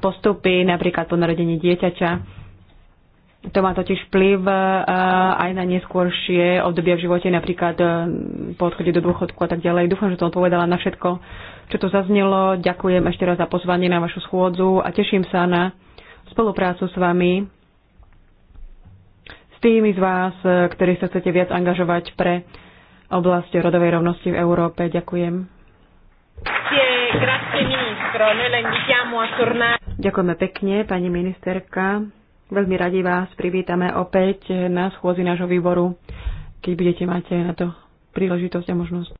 postupy, napríklad po narodení dieťaťa to má totiž vplyv e, aj na neskôršie obdobia v živote, napríklad e, po odchode do dôchodku a tak ďalej. Dúfam, že som odpovedala na všetko, čo tu zaznelo. Ďakujem ešte raz za pozvanie na vašu schôdzu a teším sa na spoluprácu s vami, s tými z vás, e, ktorí sa chcete viac angažovať pre oblasť rodovej rovnosti v Európe. Ďakujem. Ďakujeme pekne, pani ministerka. Veľmi radi vás privítame opäť na schôzi nášho výboru, keď budete mať na to príležitosť a možnosť.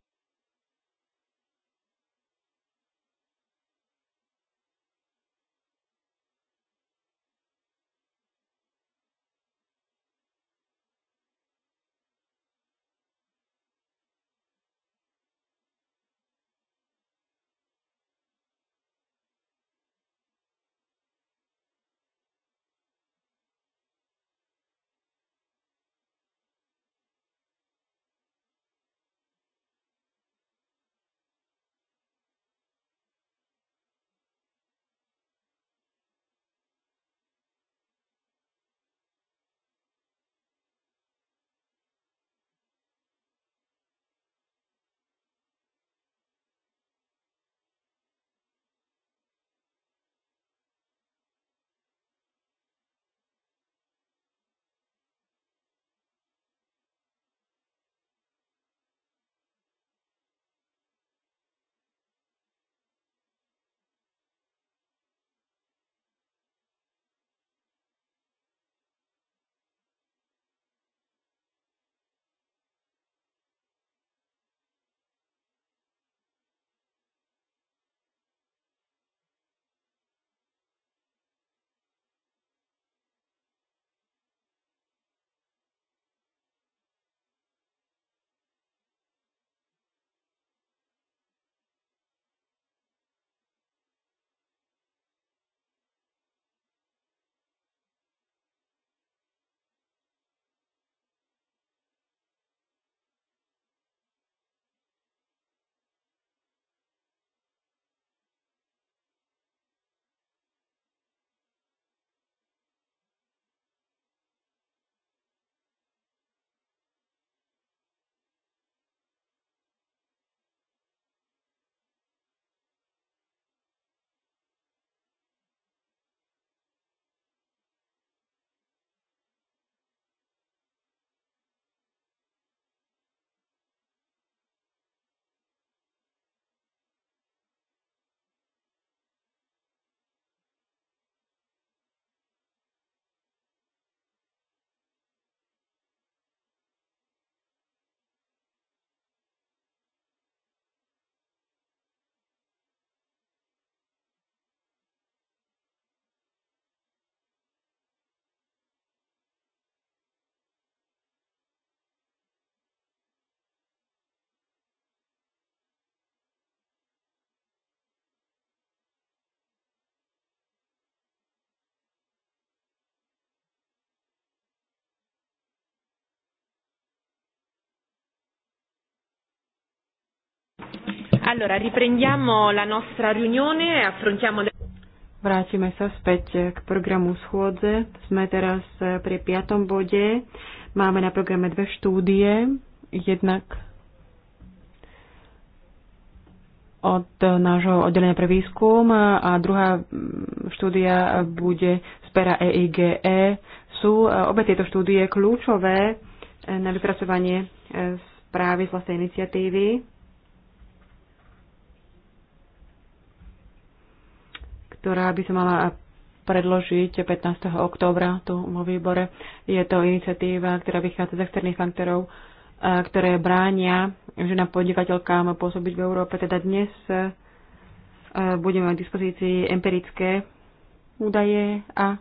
Allora, riprendiamo la nostra riunione e affrontiamo... Vrátime sa späť k programu schôdze. Sme teraz eh, pri piatom bode. Máme na programe dve štúdie. Jednak od eh, nášho oddelenia pre výskum a druhá mm, štúdia bude z pera EIGE. E. Sú eh, obe tieto štúdie kľúčové na vypracovanie správy z vlastnej iniciatívy ktorá by sa mala predložiť 15. októbra tu vo výbore. Je to iniciatíva, ktorá vychádza z externých faktorov, ktoré bránia ženám podnikateľkám pôsobiť v Európe. Teda dnes budeme mať v dispozícii empirické údaje a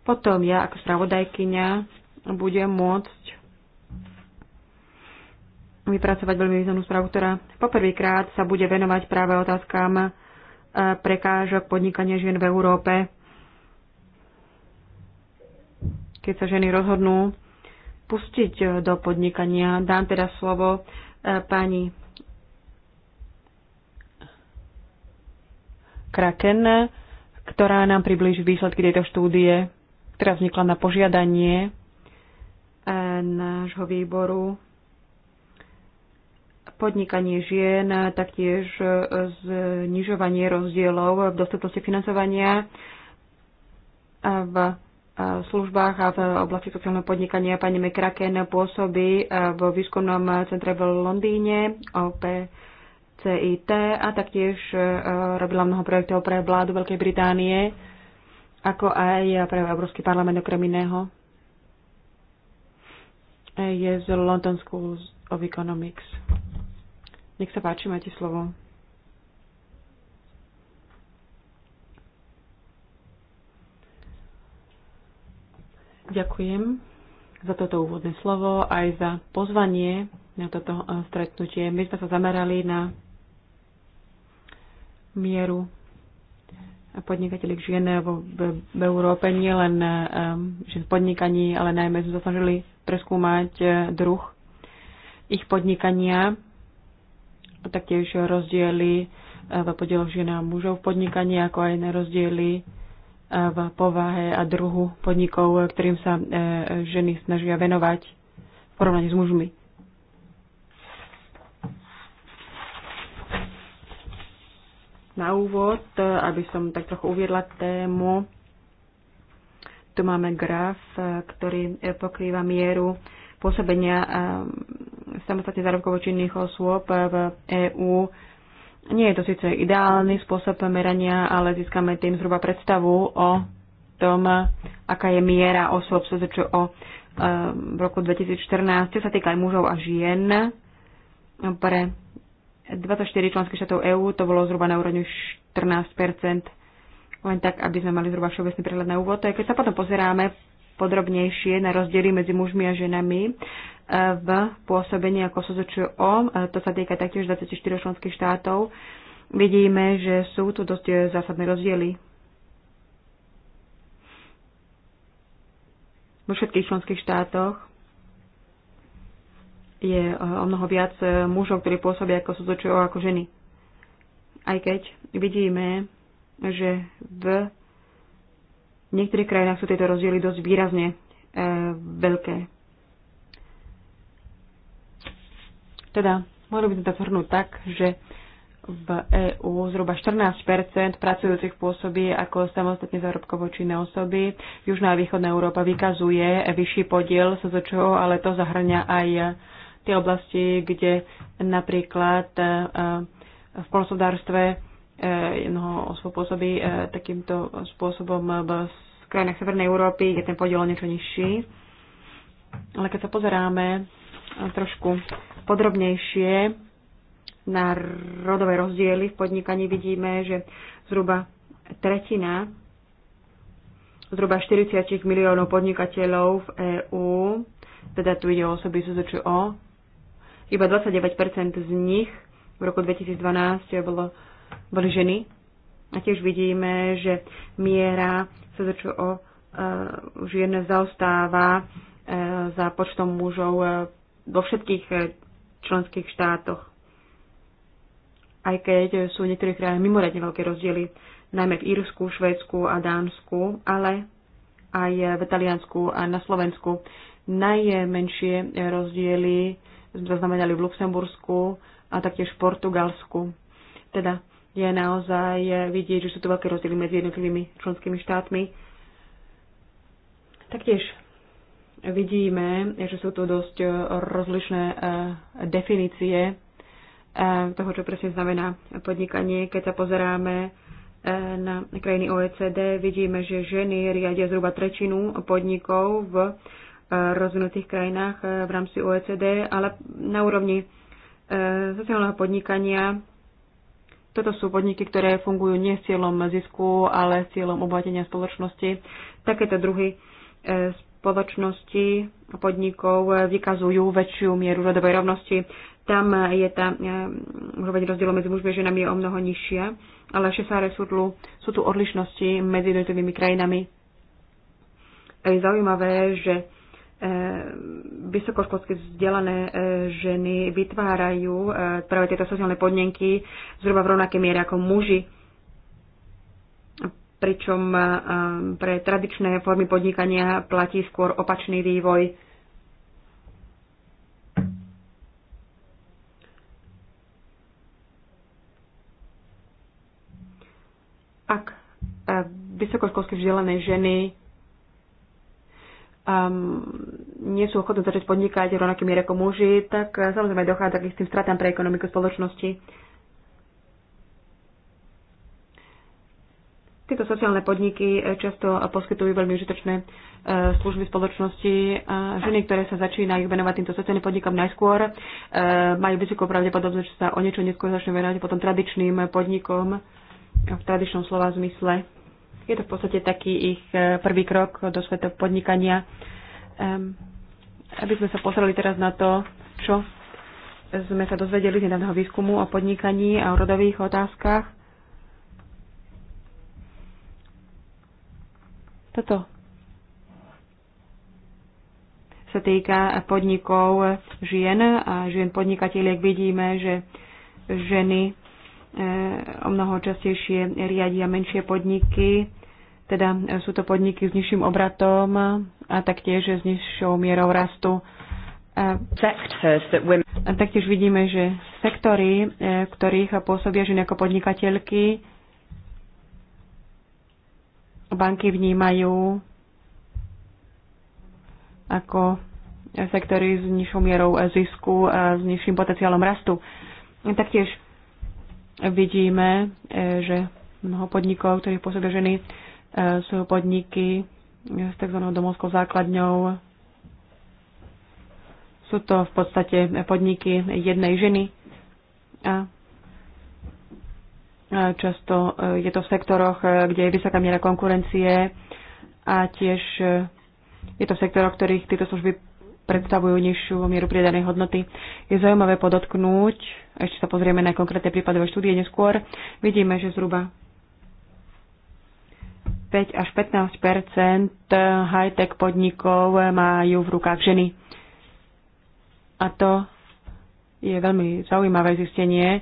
potom ja ako spravodajkyňa budem môcť vypracovať veľmi významnú správu, ktorá poprvýkrát sa bude venovať práve otázkam prekážok podnikania žien v Európe. Keď sa ženy rozhodnú pustiť do podnikania, dám teda slovo e, pani Kraken, ktorá nám približí výsledky tejto štúdie, ktorá vznikla na požiadanie e, nášho výboru podnikanie žien, taktiež e, znižovanie rozdielov v dostupnosti financovania v e, službách a v oblasti sociálneho podnikania. Pani McCracken pôsobí e, vo výskumnom centre v Londýne, CIT a taktiež robila mnoho projektov pre vládu Veľkej Británie, ako aj pre Európsky parlament okrem iného. Je z London School of Economics. Nech sa páči, máte slovo. Ďakujem za toto úvodné slovo aj za pozvanie na toto eh, stretnutie. My sme sa zamerali na mieru podnikateľiek žien v, Európe, nie len eh, žien v podnikaní, ale najmä sme sa snažili preskúmať eh, druh ich podnikania taktiež rozdiely e, v podieloch žien a mužov v podnikaní, ako aj na rozdiely e, v povahe a druhu podnikov, ktorým sa e, ženy snažia venovať v porovnaní s mužmi. Na úvod, aby som tak trochu uviedla tému, tu máme graf, ktorý pokrýva mieru pôsobenia samostatne zárobkovo činných osôb v EÚ. Nie je to síce ideálny spôsob merania, ale získame tým zhruba predstavu o tom, aká je miera osôb SZČO ehm, v roku 2014, čo sa týka aj mužov a žien. Pre 24 členských štátov EÚ to bolo zhruba na úrovni 14 len tak, aby sme mali zhruba všeobecný prehľad na úvod. Keď sa potom pozeráme podrobnejšie na rozdiely medzi mužmi a ženami, v pôsobení ako SZČO. To sa týka taktiež 24 členských štátov. Vidíme, že sú tu dosť zásadné rozdiely. Vo všetkých členských štátoch je eh, o mnoho viac eh, mužov, ktorí pôsobia ako SZČO ako ženy. Aj keď vidíme, že v niektorých krajinách sú tieto rozdiely dosť výrazne e, veľké. Teda, mohli by sme to zhrnúť tak, že v EÚ zhruba 14 pracujúcich pôsobí ako samostatne zárobkovo činné osoby. Južná a východná Európa vykazuje vyšší podiel SZČO, ale to zahrňa aj tie oblasti, kde napríklad e, v polnospodárstve e, jednoho osôb pôsobí e, takýmto spôsobom v krajinách Severnej Európy je ten podiel o niečo nižší. Ale keď sa pozeráme trošku podrobnejšie na rodové rozdiely v podnikaní vidíme, že zhruba tretina zhruba 40 miliónov podnikateľov v EÚ, teda tu ide o osoby SZČO, iba 29% z nich v roku 2012 bolo, boli ženy. A tiež vidíme, že miera SZČO e, uh, jedna zaostáva uh, za počtom mužov uh, vo všetkých eh, členských štátoch. Aj keď sú v niektorých krajinách mimoriadne veľké rozdiely, najmä v Írsku, Švédsku a Dánsku, ale aj v Taliansku a na Slovensku. Najmenšie rozdiely zaznamenali v Luxembursku a taktiež v Portugalsku. Teda je naozaj vidieť, že sú tu veľké rozdiely medzi jednotlivými členskými štátmi. Taktiež vidíme, že sú to dosť e, rozlišné e, definície e, toho, čo presne znamená podnikanie. Keď sa pozeráme na krajiny OECD, vidíme, že ženy riadia zhruba trečinu podnikov v rozvinutých krajinách v rámci OECD, ale na úrovni sociálneho podnikania toto sú podniky, ktoré fungujú nie s cieľom zisku, ale s cieľom obohatenia spoločnosti. Takéto druhy spoločnosti a podnikov vykazujú väčšiu mieru rodovej rovnosti. Tam je tá úroveň eh, rozdielu medzi mužmi a ženami je o mnoho nižšia, ale v Šesáre sú tu, sú tu odlišnosti medzi jednotlivými krajinami. A je zaujímavé, že eh, vysokoškolsky vzdelané eh, ženy vytvárajú práve tieto sociálne podmienky zhruba v rovnaké miere ako muži pričom pre tradičné formy podnikania platí skôr opačný vývoj. Ak e, vysokoškolsky vzdelané ženy um, nie sú ochotné začať podnikať rovnakými ako muži, tak e, samozrejme dochádza k istým stratám pre ekonomiku spoločnosti. Tieto sociálne podniky eh, často poskytujú veľmi užitočné eh, služby spoločnosti. Ženy, ktoré sa začínajú venovať týmto sociálnym podnikom najskôr, eh, majú vysokú pravdepodobnosť, že sa o niečo neskôr začnú venovať potom tradičným podnikom v tradičnom slova zmysle. Je to v podstate taký ich prvý krok do sveta podnikania. Ehm, aby sme sa pozreli teraz na to, čo sme sa dozvedeli z nedávneho výskumu o podnikaní a o rodových otázkach toto? sa týka podnikov žien a žien podnikateľiek vidíme, že ženy e, o mnoho častejšie riadia menšie podniky, teda sú to podniky s nižším obratom a taktiež s nižšou mierou rastu. E, a taktiež vidíme, že sektory, e, ktorých pôsobia ženy ako podnikateľky, banky vnímajú ako sektory s nižšou mierou zisku a s nižším potenciálom rastu. Taktiež vidíme, e, že mnoho podnikov, ktorí pôsobia ženy, e, sú podniky s tzv. domovskou základňou. Sú to v podstate podniky jednej ženy a Často eh, je to v sektoroch, eh, kde je vysoká miera konkurencie a tiež eh, je to v sektoroch, ktorých tieto služby predstavujú nižšiu mieru pridanej hodnoty. Je zaujímavé podotknúť, ešte sa pozrieme na konkrétne prípadové štúdie neskôr, vidíme, že zhruba 5 až 15 high-tech podnikov majú v rukách ženy. A to je veľmi zaujímavé zistenie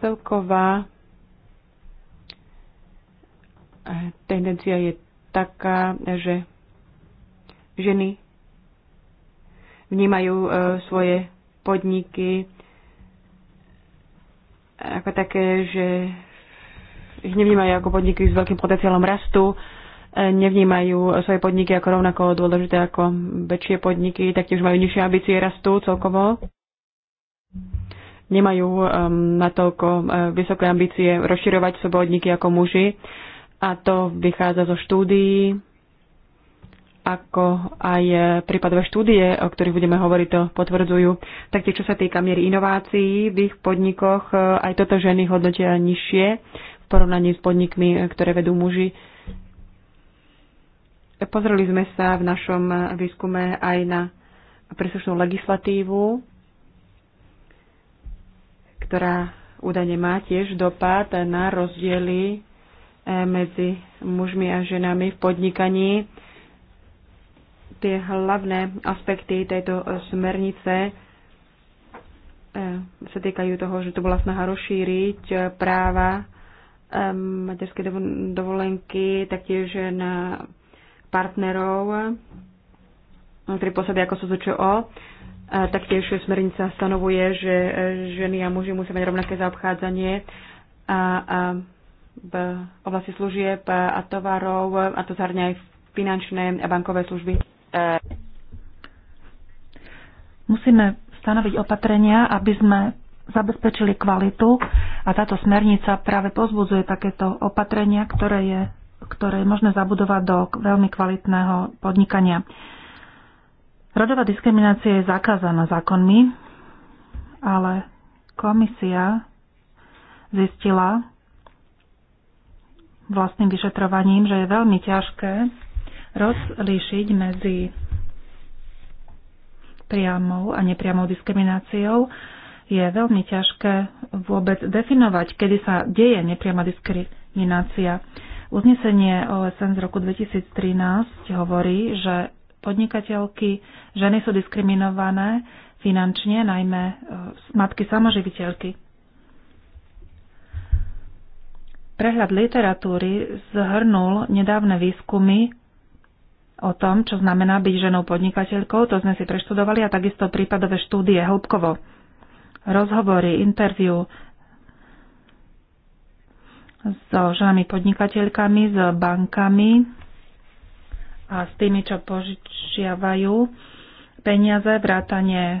celková eh, tendencia je taká, že ženy vnímajú eh, svoje podniky eh, ako také, že ich nevnímajú ako podniky s veľkým potenciálom rastu, nevnímajú svoje podniky ako rovnako dôležité ako väčšie podniky, taktiež majú nižšie ambície rastu celkovo nemajú um, natoľko uh, vysoké ambície rozširovať svobodníky ako muži. A to vychádza zo štúdií, ako aj uh, prípadové štúdie, o ktorých budeme hovoriť, to potvrdzujú. Taktiež, čo sa týka miery inovácií v ich podnikoch, uh, aj toto ženy hodnotia nižšie v porovnaní s podnikmi, uh, ktoré vedú muži. Pozreli sme sa v našom výskume aj na príslušnú legislatívu ktorá údajne má tiež dopad na rozdiely e, medzi mužmi a ženami v podnikaní. Tie hlavné aspekty tejto e, smernice e, sa týkajú toho, že to bola snaha rozšíriť práva materskej dovolenky, taktiež na partnerov, ktorí pôsobia ako SZČO. A taktiež smernica stanovuje, že e, ženy a muži musia mať rovnaké zaobchádzanie a, a v oblasti služieb a tovarov, a to zahrňa aj finančné a bankové služby. E, Musíme stanoviť opatrenia, aby sme zabezpečili kvalitu a táto smernica práve pozbudzuje takéto opatrenia, ktoré je, ktoré je možné zabudovať do veľmi kvalitného podnikania. Rodová diskriminácia je zakázaná zákonmi, ale komisia zistila vlastným vyšetrovaním, že je veľmi ťažké rozlíšiť medzi priamou a nepriamou diskrimináciou. Je veľmi ťažké vôbec definovať, kedy sa deje nepriama diskriminácia. Uznesenie OSN z roku 2013 hovorí, že podnikateľky, ženy sú diskriminované finančne, najmä e, matky samoživiteľky. Prehľad literatúry zhrnul nedávne výskumy o tom, čo znamená byť ženou podnikateľkou, to sme si preštudovali a takisto prípadové štúdie hĺbkovo. Rozhovory, interviu so ženami podnikateľkami, s bankami, a s tými, čo požičiavajú peniaze, vrátanie e,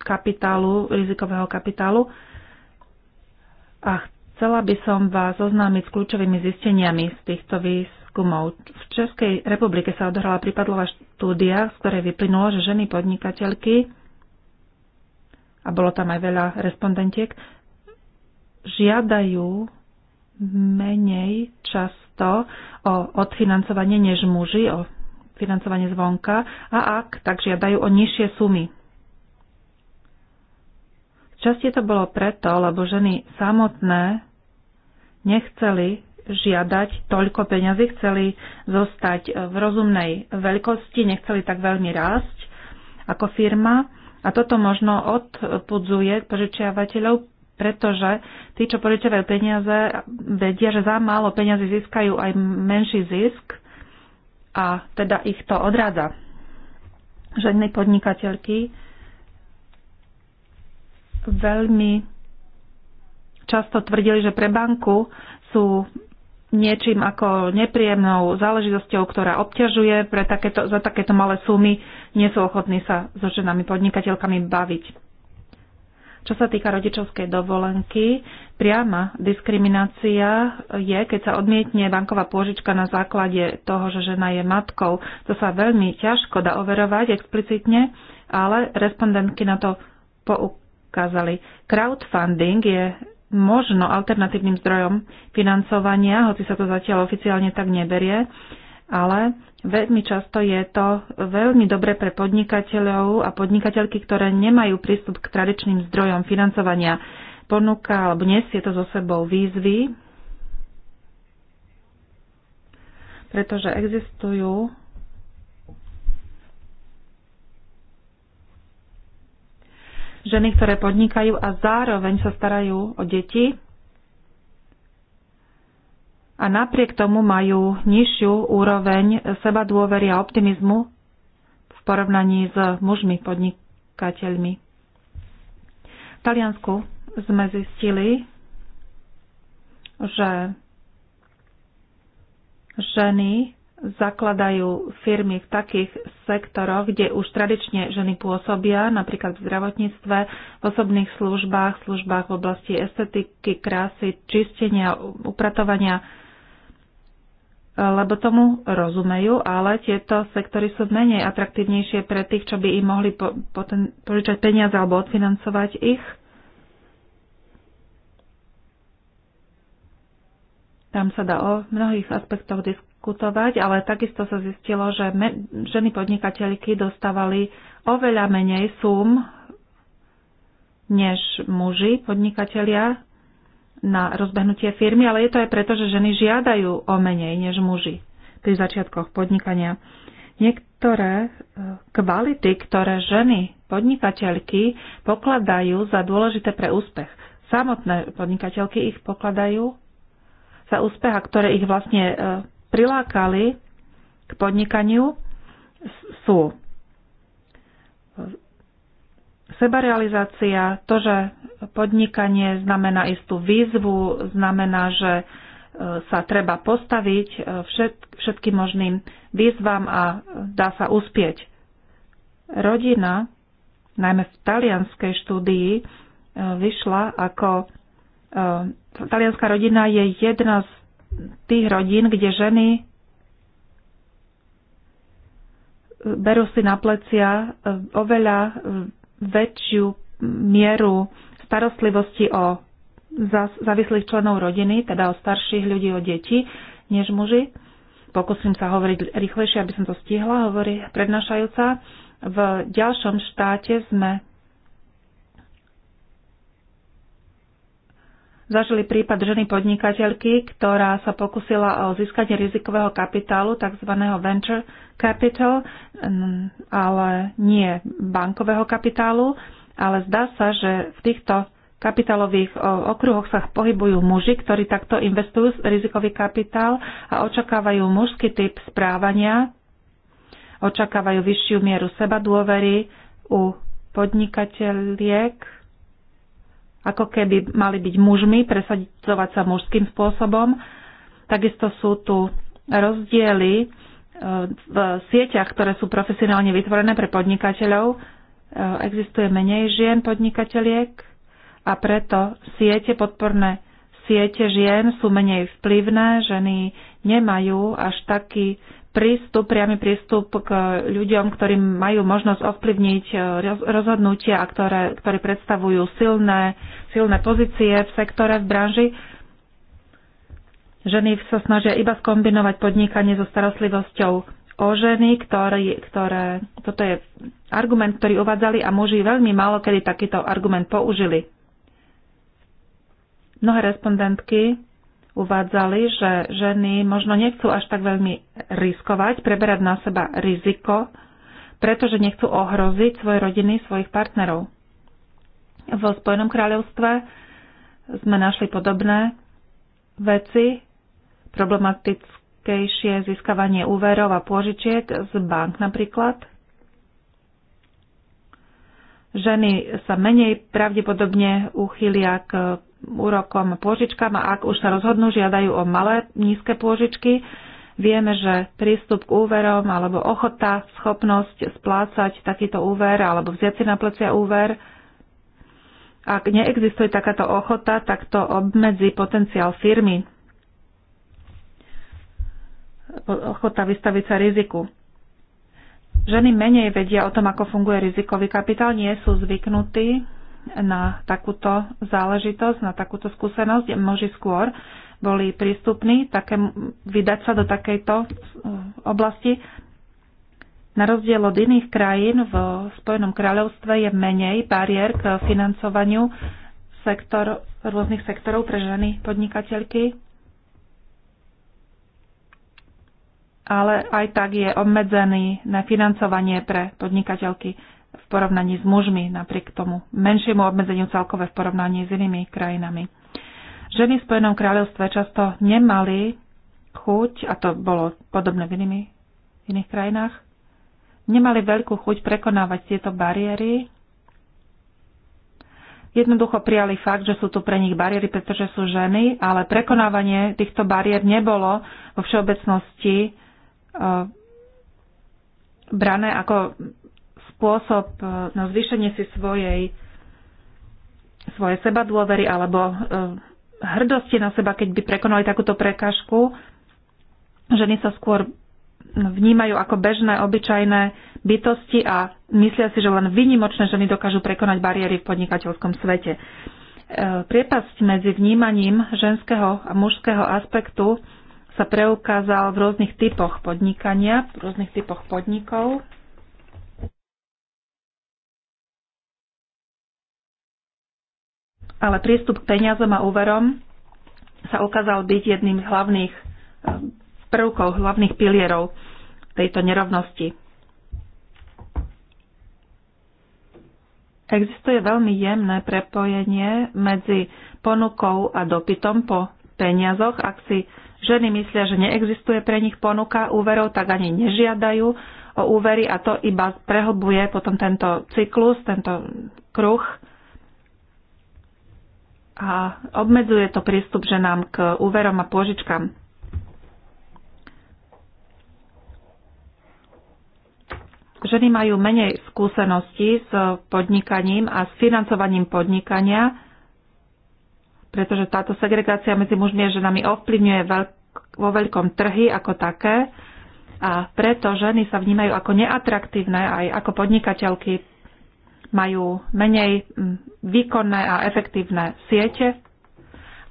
kapitálu, rizikového kapitálu. A chcela by som vás oznámiť s kľúčovými zisteniami z týchto výskumov. V Českej republike sa odhrala prípadlová štúdia, z ktorej vyplynulo, že ženy podnikateľky, a bolo tam aj veľa respondentiek, žiadajú menej často o odfinancovanie než muži, o financovanie zvonka a ak, tak žiadajú o nižšie sumy. Častie to bolo preto, lebo ženy samotné nechceli žiadať toľko peňazí, chceli zostať v rozumnej veľkosti, nechceli tak veľmi rásť ako firma. A toto možno odpudzuje požičiavateľov, pretože tí, čo požičiavajú peniaze, vedia, že za málo peniazy získajú aj menší zisk a teda ich to odrádza. Ženy podnikateľky veľmi často tvrdili, že pre banku sú niečím ako nepríjemnou záležitosťou, ktorá obťažuje, pre takéto, za takéto malé sumy nie sú ochotní sa so ženami podnikateľkami baviť. Čo sa týka rodičovskej dovolenky, priama diskriminácia je, keď sa odmietne banková pôžička na základe toho, že žena je matkou. To sa veľmi ťažko dá overovať explicitne, ale respondentky na to poukázali. Crowdfunding je možno alternatívnym zdrojom financovania, hoci sa to zatiaľ oficiálne tak neberie ale veľmi často je to veľmi dobre pre podnikateľov a podnikateľky, ktoré nemajú prístup k tradičným zdrojom financovania. Ponúka alebo nesie to so sebou výzvy, pretože existujú ženy, ktoré podnikajú a zároveň sa starajú o deti a napriek tomu majú nižšiu úroveň seba dôvery a optimizmu v porovnaní s mužmi podnikateľmi. V Taliansku sme zistili, že ženy zakladajú firmy v takých sektoroch, kde už tradične ženy pôsobia, napríklad v zdravotníctve, v osobných službách, službách v oblasti estetiky, krásy, čistenia, upratovania, lebo tomu rozumejú, ale tieto sektory sú menej atraktívnejšie pre tých, čo by im mohli po, poten, požičať peniaze alebo odfinancovať ich. Tam sa dá o mnohých aspektoch diskutovať, ale takisto sa zistilo, že me, ženy podnikateľky dostávali oveľa menej sum než muži podnikatelia na rozbehnutie firmy, ale je to aj preto, že ženy žiadajú o menej než muži pri začiatkoch podnikania. Niektoré e, kvality, ktoré ženy podnikateľky pokladajú za dôležité pre úspech. Samotné podnikateľky ich pokladajú za úspech a ktoré ich vlastne e, prilákali k podnikaniu, sú Sebarealizácia, to, že podnikanie znamená istú výzvu, znamená, že e, sa treba postaviť e, všetkým možným výzvam a dá sa uspieť. Rodina, najmä v talianskej štúdii, e, vyšla ako talianská rodina je jedna z tých rodín, kde ženy berú si na plecia oveľa väčšiu mieru starostlivosti o závislých členov rodiny, teda o starších ľudí, o deti, než muži. Pokúsim sa hovoriť rýchlejšie, aby som to stihla, hovorí prednášajúca. V ďalšom štáte sme zažili prípad ženy podnikateľky, ktorá sa pokusila o získanie rizikového kapitálu, tzv. venture capital, ale nie bankového kapitálu, ale zdá sa, že v týchto kapitálových okruhoch sa pohybujú muži, ktorí takto investujú rizikový kapitál a očakávajú mužský typ správania, očakávajú vyššiu mieru seba dôvery u podnikateľiek, ako keby mali byť mužmi, presadzovať sa mužským spôsobom. Takisto sú tu rozdiely v sieťach, ktoré sú profesionálne vytvorené pre podnikateľov, e, existuje menej žien podnikateliek a preto siete, podporné siete žien sú menej vplyvné, ženy nemajú až taký prístup, priamy prístup k ľuďom, ktorí majú možnosť ovplyvniť e, rozhodnutia, ktoré, ktoré predstavujú silné, silné pozície v sektore, v branži Ženy sa snažia iba skombinovať podnikanie so starostlivosťou o ženy, ktoré, ktoré, toto je argument, ktorý uvádzali a muži veľmi málo kedy takýto argument použili. Mnohé respondentky uvádzali, že ženy možno nechcú až tak veľmi riskovať, preberať na seba riziko, pretože nechcú ohroziť svoje rodiny, svojich partnerov. Vo Spojenom kráľovstve sme našli podobné veci problematickejšie získavanie úverov a pôžičiek z bank napríklad. Ženy sa menej pravdepodobne uchylia k úrokom a pôžičkám a ak už sa rozhodnú, žiadajú o malé, nízke pôžičky. Vieme, že prístup k úverom alebo ochota, schopnosť splácať takýto úver alebo vziať si na plecia úver ak neexistuje takáto ochota, tak to obmedzí potenciál firmy ochota vystaviť sa riziku. Ženy menej vedia o tom, ako funguje rizikový kapitál, nie sú zvyknutí na takúto záležitosť, na takúto skúsenosť. Muži skôr boli prístupní také, vydať sa do takejto e, oblasti. Na rozdiel od iných krajín v Spojenom kráľovstve je menej bariér k financovaniu sektor, rôznych sektorov pre ženy podnikateľky. ale aj tak je obmedzený na financovanie pre podnikateľky v porovnaní s mužmi, napriek tomu menšiemu obmedzeniu celkové v porovnaní s inými krajinami. Ženy v Spojenom kráľovstve často nemali chuť, a to bolo podobné v inými, iných krajinách, nemali veľkú chuť prekonávať tieto bariéry. Jednoducho prijali fakt, že sú tu pre nich bariéry, pretože sú ženy, ale prekonávanie týchto bariér nebolo vo všeobecnosti Eh, brané ako spôsob eh, na zvýšenie si svojej svoje seba dôvery alebo eh, hrdosti na seba, keď by prekonali takúto prekážku. Ženy sa skôr vnímajú ako bežné, obyčajné bytosti a myslia si, že len vynimočné ženy dokážu prekonať bariéry v podnikateľskom svete. Priepasť medzi vnímaním ženského a mužského aspektu sa preukázal v rôznych typoch podnikania, v rôznych typoch podnikov. Ale prístup k peniazom a úverom sa ukázal byť jedným z hlavných eh, prvkov, hlavných pilierov tejto nerovnosti. Existuje veľmi jemné prepojenie medzi ponukou a dopytom po peniazoch. Ak si Ženy myslia, že neexistuje pre nich ponuka úverov, tak ani nežiadajú o úvery a to iba prehlbuje potom tento cyklus, tento kruh a obmedzuje to prístup ženám k úverom a pôžičkám. Ženy majú menej skúseností s podnikaním a s financovaním podnikania, pretože táto segregácia medzi mužmi a ženami ovplyvňuje vo veľkom trhy ako také a preto ženy sa vnímajú ako neatraktívne aj ako podnikateľky majú menej mm, výkonné a efektívne siete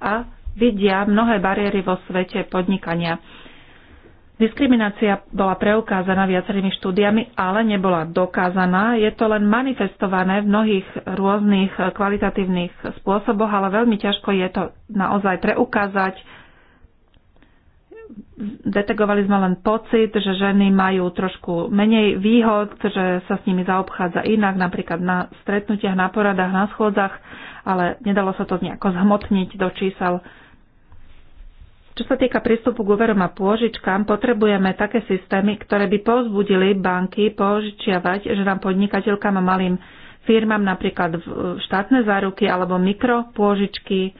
a vidia mnohé bariéry vo svete podnikania. Diskriminácia bola preukázaná viacerými štúdiami, ale nebola dokázaná. Je to len manifestované v mnohých rôznych kvalitatívnych spôsoboch, ale veľmi ťažko je to naozaj preukázať. Detegovali sme len pocit, že ženy majú trošku menej výhod, že sa s nimi zaobchádza inak, napríklad na stretnutiach, na poradách, na schôdzach, ale nedalo sa to nejako zhmotniť do čísel čo sa týka prístupu k úverom a pôžičkám, potrebujeme také systémy, ktoré by povzbudili banky požičiavať ženám podnikateľkám a malým firmám napríklad štátne záruky alebo mikropôžičky.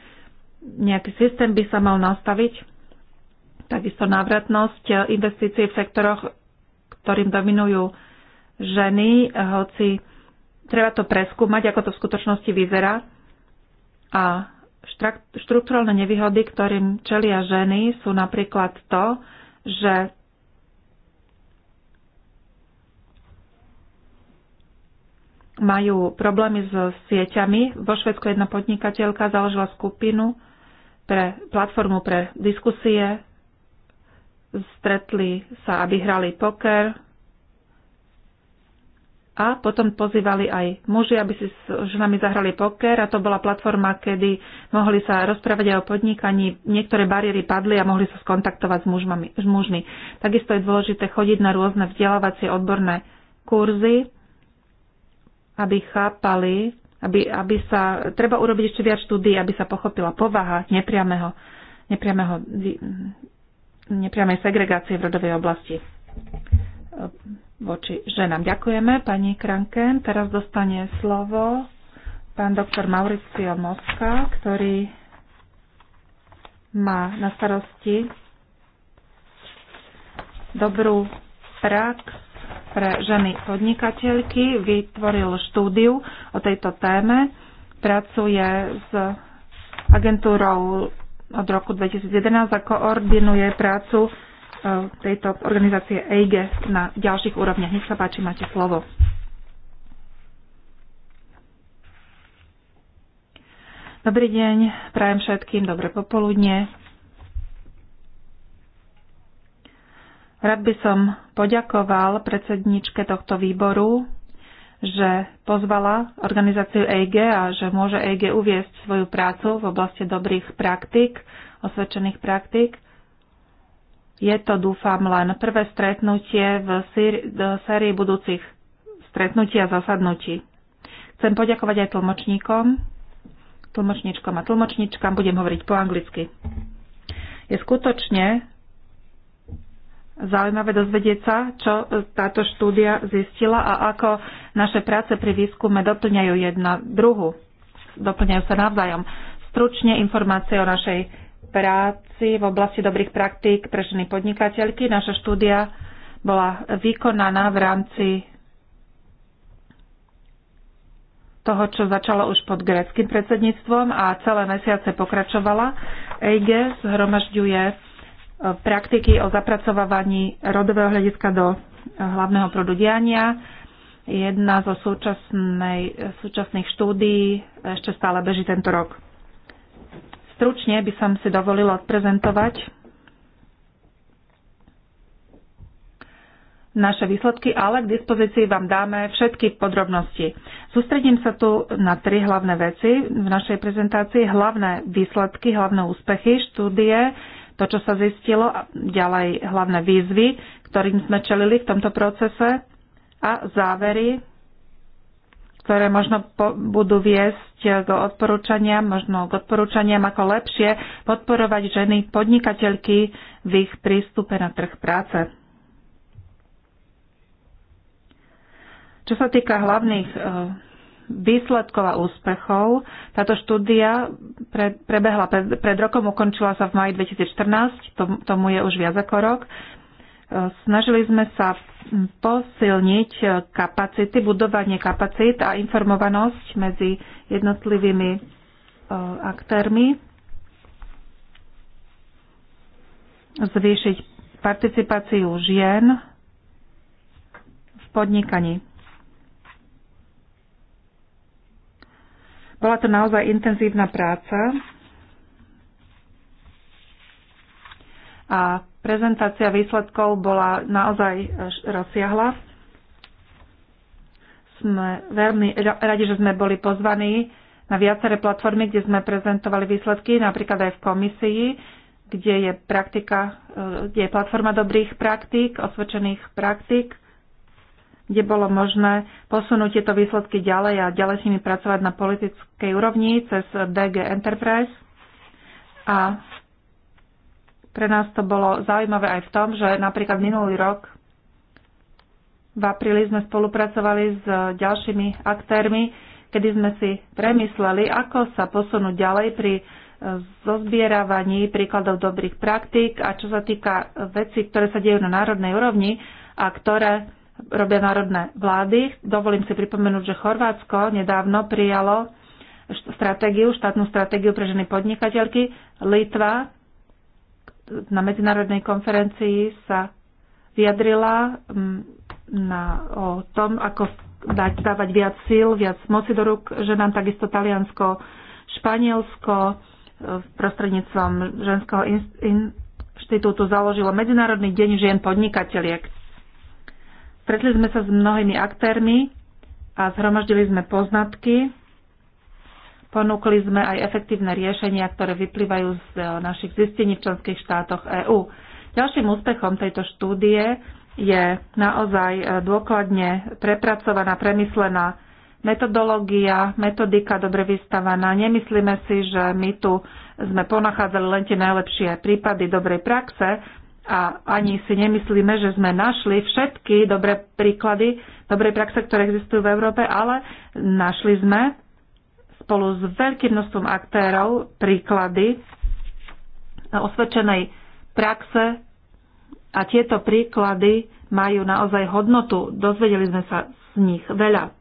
Nejaký systém by sa mal nastaviť. Takisto návratnosť eh, investícií v sektoroch, ktorým dominujú ženy, eh, hoci treba to preskúmať, ako to v skutočnosti vyzerá. A štruktúrálne nevýhody, ktorým čelia ženy, sú napríklad to, že majú problémy s sieťami. Vo Švedsku jedna podnikateľka založila skupinu pre platformu pre diskusie. Stretli sa, aby hrali poker, a potom pozývali aj muži, aby si s ženami zahrali poker a to bola platforma, kedy mohli sa rozprávať aj o podnikaní. Niektoré bariéry padli a mohli sa skontaktovať s, mužmami, s mužmi. Takisto je dôležité chodiť na rôzne vzdelávacie odborné kurzy, aby chápali, aby, aby sa, treba urobiť ešte viac štúdí, aby sa pochopila povaha nepriameho, nepriameho, nepriamej segregácie v rodovej oblasti voči ženám. Ďakujeme pani Kranken. Teraz dostane slovo pán doktor Mauricio Moska, ktorý má na starosti dobrú prax pre ženy podnikateľky, vytvoril štúdiu o tejto téme, pracuje s agentúrou od roku 2011 a koordinuje prácu E, tejto organizácie EIGE na ďalších úrovniach. Nech sa páči, máte slovo. Dobrý deň, prajem všetkým dobré popoludne. Rád by som poďakoval predsedničke tohto výboru, že pozvala organizáciu EIG a že môže EIG uviesť svoju prácu v oblasti dobrých praktik, osvedčených praktik je to, dúfam, len prvé stretnutie v sérii budúcich stretnutí a zasadnutí. Chcem poďakovať aj tlmočníkom, tlmočníčkom a tlmočníčkam. Budem hovoriť po anglicky. Je skutočne zaujímavé dozvedieť sa, čo e, táto štúdia zistila a ako naše práce pri výskume doplňajú jedna druhu. Doplňajú sa navzájom. Stručne informácie o našej práci v oblasti dobrých praktík pre ženy podnikateľky. Naša štúdia bola vykonaná v rámci toho, čo začalo už pod gréckým predsedníctvom a celé mesiace pokračovala. EIGE zhromažďuje e, praktiky o zapracovávaní rodového hľadiska do e, hlavného prúdu diania. Jedna zo súčasnej, e, súčasných štúdií ešte stále beží tento rok stručne by som si dovolila odprezentovať naše výsledky, ale k dispozícii vám dáme všetky podrobnosti. Sústredím sa tu na tri hlavné veci v našej prezentácii. Hlavné výsledky, hlavné úspechy štúdie, to, čo sa zistilo, a ďalej hlavné výzvy, ktorým sme čelili v tomto procese a závery ktoré možno po, budú viesť eh, k odporúčaniam, možno k odporúčaniam, ako lepšie podporovať ženy podnikateľky v ich prístupe na trh práce. Čo sa týka hlavných eh, výsledkov a úspechov, táto štúdia pre, prebehla pred, pred rokom, ukončila sa v maji 2014, tomu je už viac ako rok. Snažili sme sa posilniť kapacity, budovanie kapacít a informovanosť medzi jednotlivými e, aktérmi, zvýšiť participáciu žien v podnikaní. Bola to naozaj intenzívna práca a Prezentácia výsledkov bola naozaj eh, rozsiahla. Sme veľmi radi, že sme boli pozvaní na viaceré platformy, kde sme prezentovali výsledky, napríklad aj v komisii, kde je, praktika, eh, kde je platforma dobrých praktík, osvedčených praktík, kde bolo možné posunúť tieto výsledky ďalej a ďalej s nimi pracovať na politickej úrovni cez eh, DG Enterprise. A pre nás to bolo zaujímavé aj v tom, že napríklad minulý rok v apríli sme spolupracovali s ďalšími aktérmi, kedy sme si premysleli, ako sa posunúť ďalej pri e, zozbieravaní príkladov dobrých praktík a čo sa týka vecí, ktoré sa dejú na národnej úrovni a ktoré robia národné vlády. Dovolím si pripomenúť, že Chorvátsko nedávno prijalo stratégiu, štátnu stratégiu pre ženy podnikateľky. Litva na medzinárodnej konferencii sa vyjadrila mm, na, o tom, ako dať, dávať viac síl, viac moci do rúk ženám, takisto Taliansko, Španielsko eh, prostredníctvom ženského inštitútu založilo Medzinárodný deň žien podnikateliek. Stretli sme sa s mnohými aktérmi a zhromaždili sme poznatky Ponúkli sme aj efektívne riešenia, ktoré vyplývajú z e, našich zistení v členských štátoch EÚ. Ďalším úspechom tejto štúdie je naozaj e, dôkladne prepracovaná, premyslená metodológia, metodika dobre vystavaná. Nemyslíme si, že my tu sme ponachádzali len tie najlepšie prípady dobrej praxe a ani si nemyslíme, že sme našli všetky dobré príklady dobrej praxe, ktoré existujú v Európe, ale našli sme spolu s veľkým množstvom aktérov príklady osvedčenej praxe a tieto príklady majú naozaj hodnotu. Dozvedeli sme sa z nich veľa.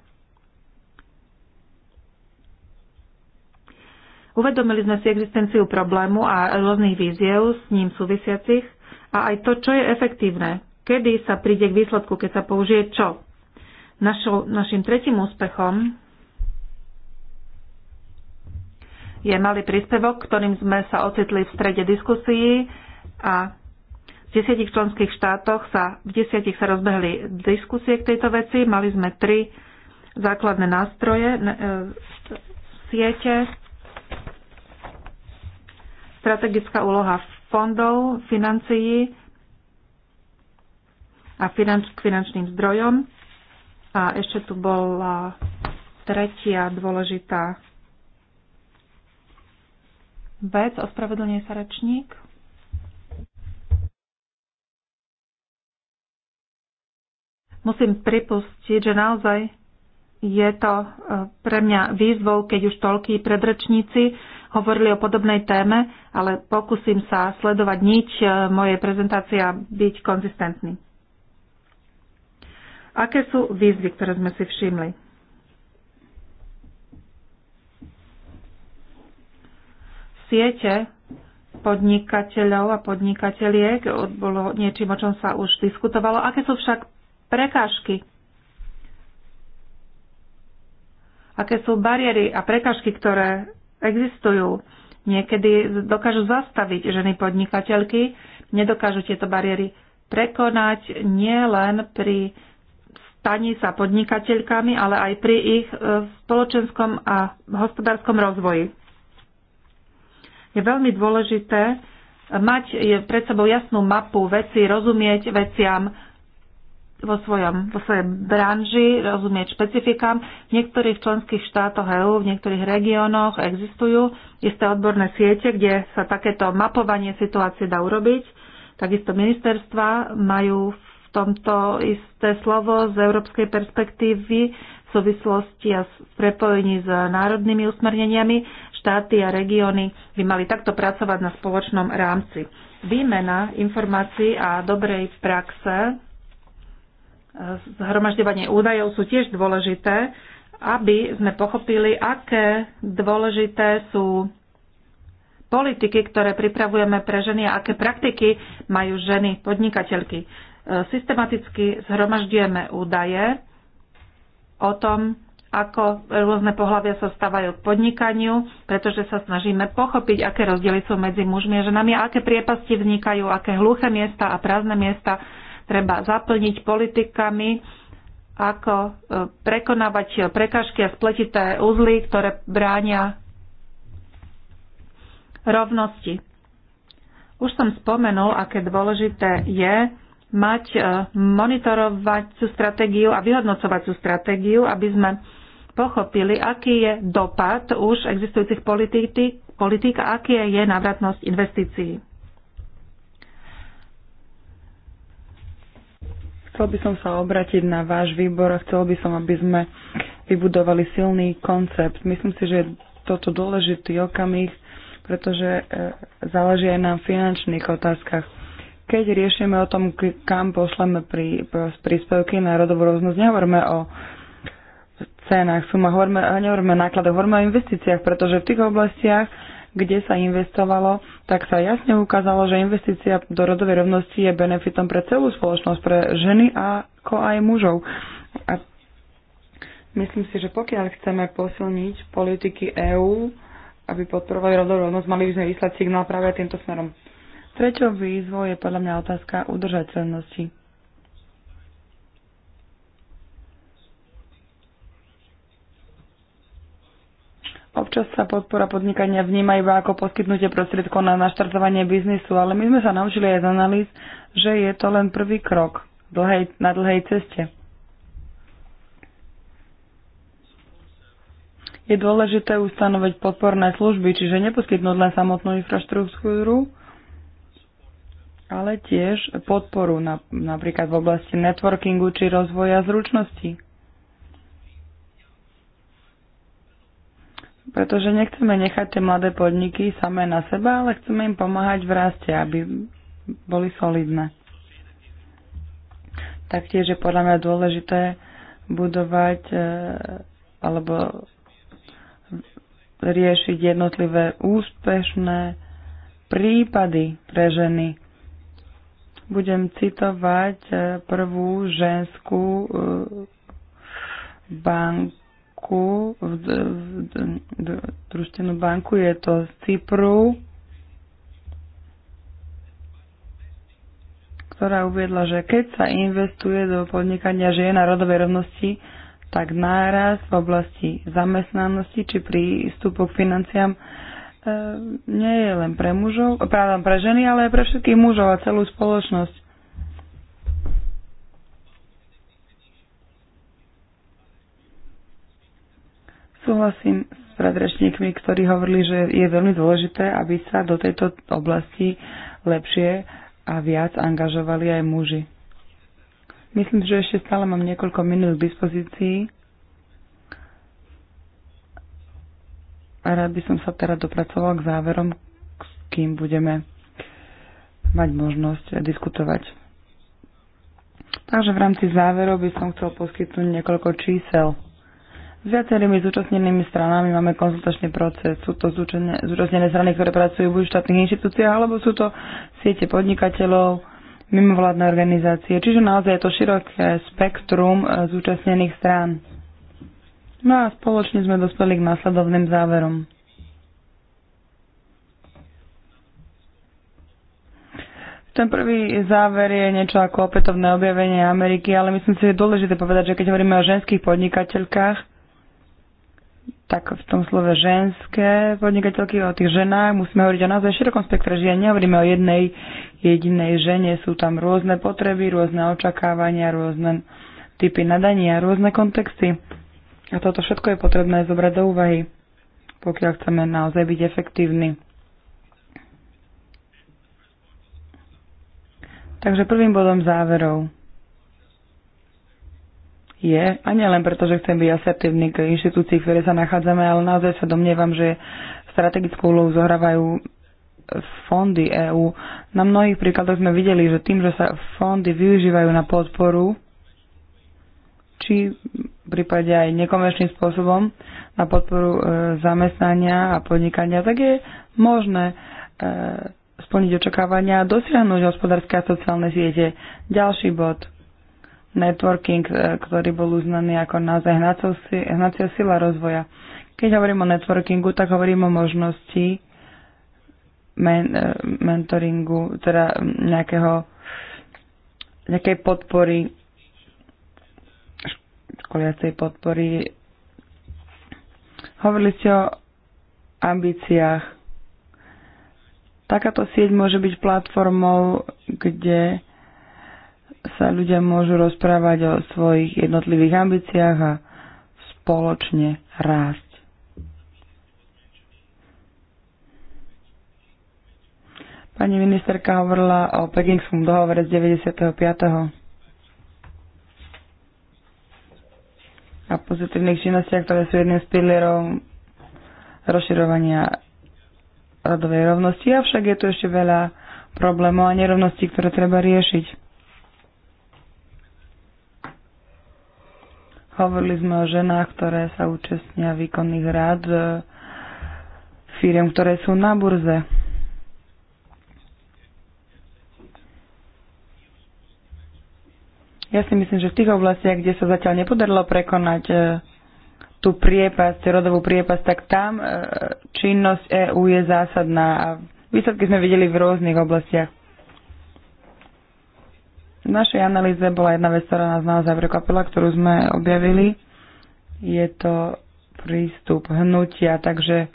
Uvedomili sme si existenciu problému a rôznych víziev s ním súvisiacich a aj to, čo je efektívne. Kedy sa príde k výsledku, keď sa použije čo? Našou, našim tretím úspechom je malý príspevok, ktorým sme sa ocitli v strede diskusii a v desiatich členských štátoch sa v desiatich sa rozbehli diskusie k tejto veci. Mali sme tri základné nástroje, e, siete, strategická úloha fondov, financií a finanč, k finančným zdrojom. A ešte tu bola tretia dôležitá vec, ospravedlňuje sa rečník. Musím pripustiť, že naozaj je to e, pre mňa výzvou, keď už toľkí predrečníci hovorili o podobnej téme, ale pokúsim sa sledovať niť e, mojej prezentácie a byť konzistentný. Aké sú výzvy, ktoré sme si všimli? siete podnikateľov a podnikateliek bolo niečím, o čom sa už diskutovalo. Aké sú však prekážky? Aké sú bariéry a prekážky, ktoré existujú? Niekedy dokážu zastaviť ženy podnikateľky, nedokážu tieto bariéry prekonať nielen pri staní sa podnikateľkami, ale aj pri ich e, spoločenskom a hospodárskom rozvoji. Je veľmi dôležité mať pred sebou jasnú mapu veci, rozumieť veciam vo, svojom, vo svojej branži, rozumieť špecifikám. V niektorých členských štátoch EÚ, v niektorých regiónoch existujú isté odborné siete, kde sa takéto mapovanie situácie dá urobiť. Takisto ministerstva majú v tomto isté slovo z európskej perspektívy súvislosti a v prepojení s národnými usmerneniami štáty a regióny by mali takto pracovať na spoločnom rámci. Výmena informácií a dobrej praxe, e, zhromažďovanie údajov sú tiež dôležité, aby sme pochopili, aké dôležité sú politiky, ktoré pripravujeme pre ženy a aké praktiky majú ženy podnikateľky. E, systematicky zhromažďujeme údaje, o tom, ako rôzne pohľavia sa stávajú k podnikaniu, pretože sa snažíme pochopiť, aké rozdiely sú medzi mužmi a ženami a aké priepasti vznikajú, aké hluché miesta a prázdne miesta treba zaplniť politikami, ako e, prekonávať prekažky a spletité uzly, ktoré bránia rovnosti. Už som spomenul, aké dôležité je mať, e, monitorovať tú stratégiu a vyhodnocovať tú stratégiu, aby sme pochopili, aký je dopad už existujúcich politík, politík a aký je návratnosť investícií. Chcel by som sa obratiť na váš výbor a chcel by som, aby sme vybudovali silný koncept. Myslím si, že je toto dôležitý okamih, pretože e, záleží aj na finančných otázkach keď riešime o tom, kam pošleme prí, príspevky na rodovú rôznosť, nehovoríme o cenách, sumách, hovoríme, nehovoríme o nákladoch, hovoríme o investíciách, pretože v tých oblastiach, kde sa investovalo, tak sa jasne ukázalo, že investícia do rodovej rovnosti je benefitom pre celú spoločnosť, pre ženy ako aj mužov. A myslím si, že pokiaľ chceme posilniť politiky EÚ, aby podporovali rodovú rovnosť, mali by sme vyslať signál práve týmto smerom. Treťou výzvou je podľa mňa otázka udržateľnosti. Občas sa podpora podnikania vníma iba ako poskytnutie prostriedkov na naštartovanie biznisu, ale my sme sa naučili aj z analýz, že je to len prvý krok dlhej, na dlhej ceste. Je dôležité ustanoviť podporné služby, čiže neposkytnúť len samotnú infraštruktúru, ale tiež podporu na, napríklad v oblasti networkingu či rozvoja zručností. Pretože nechceme nechať tie mladé podniky samé na seba, ale chceme im pomáhať v raste, aby boli solidné. Taktiež je podľa mňa dôležité budovať e, alebo riešiť jednotlivé úspešné prípady pre ženy budem citovať e, prvú ženskú e, banku, družstvenú banku, je to z Cypru, ktorá uviedla, že keď sa investuje do podnikania žien a rodovej rovnosti, tak náraz v oblasti zamestnanosti či prístupu k financiám Ehm, nie je len pre mužov, pardon, pre ženy, ale aj pre všetkých mužov a celú spoločnosť. Súhlasím s predrečníkmi, ktorí hovorili, že je veľmi dôležité, aby sa do tejto oblasti lepšie a viac angažovali aj muži. Myslím, že ešte stále mám niekoľko minút k dispozícii. A Rád by som sa teraz dopracoval k záverom, s kým budeme mať možnosť diskutovať. Takže v rámci záverov by som chcel poskytnúť niekoľko čísel. S viacerými zúčastnenými stranami máme konzultačný proces. Sú to zúčastnené strany, ktoré pracujú buď v štátnych inštitúciách, alebo sú to siete podnikateľov, mimovládne organizácie. Čiže naozaj je to široké spektrum eh, zúčastnených strán. No a spoločne sme dospeli k následovným záverom. Ten prvý záver je niečo ako opätovné objavenie Ameriky, ale myslím si, že je dôležité povedať, že keď hovoríme o ženských podnikateľkách, tak v tom slove ženské podnikateľky, o tých ženách musíme hovoriť o nás aj širokom spektre žien. Nehovoríme o jednej jedinej žene, sú tam rôzne potreby, rôzne očakávania, rôzne typy nadania, rôzne kontexty. A toto všetko je potrebné zobrať do úvahy, pokiaľ chceme naozaj byť efektívni. Takže prvým bodom záverov je, a len preto, že chcem byť asertívny k inštitúcii, ktoré sa nachádzame, ale naozaj sa domnievam, že strategickú úlohu zohrávajú fondy EÚ. Na mnohých príkladoch sme videli, že tým, že sa fondy využívajú na podporu či prípade aj nekomerčným spôsobom na podporu e, zamestnania a podnikania, tak je možné e, splniť očakávania a dosiahnuť hospodárske a sociálne siete. Ďalší bod. Networking, e, ktorý bol uznaný ako naozaj hnacia sila rozvoja. Keď hovorím o networkingu, tak hovorím o možnosti men, mentoringu, teda nejakého, nejakej podpory školiacej podpory. Hovorili ste o ambíciách. Takáto sieť môže byť platformou, kde sa ľudia môžu rozprávať o svojich jednotlivých ambíciách a spoločne rásť. Pani ministerka hovorila o Pekingskom dohovore z 95. a pozitívnych činnostiach, ktoré sú jedným z pilierov rozširovania rodovej rovnosti, avšak je tu ešte veľa problémov a nerovností, ktoré treba riešiť. Hovorili sme o ženách, ktoré sa účastnia výkonných rád e, firiem, ktoré sú na burze. Ja si myslím, že v tých oblastiach, kde sa zatiaľ nepodarilo prekonať e, tú priepasť, rodovú priepasť, tak tam e, činnosť EÚ je zásadná a výsledky sme videli v rôznych oblastiach. V našej analýze bola jedna vec, ktorá nás naozaj prekvapila, ktorú sme objavili. Je to prístup hnutia, takže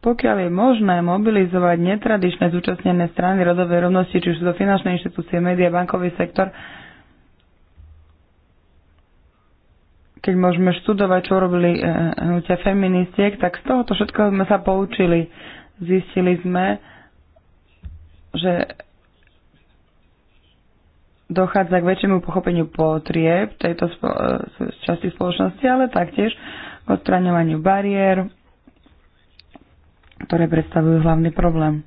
pokiaľ je možné mobilizovať netradičné zúčastnené strany rodovej rovnosti, či už sú to finančné inštitúcie, médiá, bankový sektor, keď môžeme študovať, čo robili e, e, hnutia feministiek, tak z tohoto všetkého sme sa poučili. Zistili sme, že dochádza k väčšiemu pochopeniu potrieb tejto spo- e, časti spoločnosti, ale taktiež k odstraňovaniu bariér, ktoré predstavujú hlavný problém.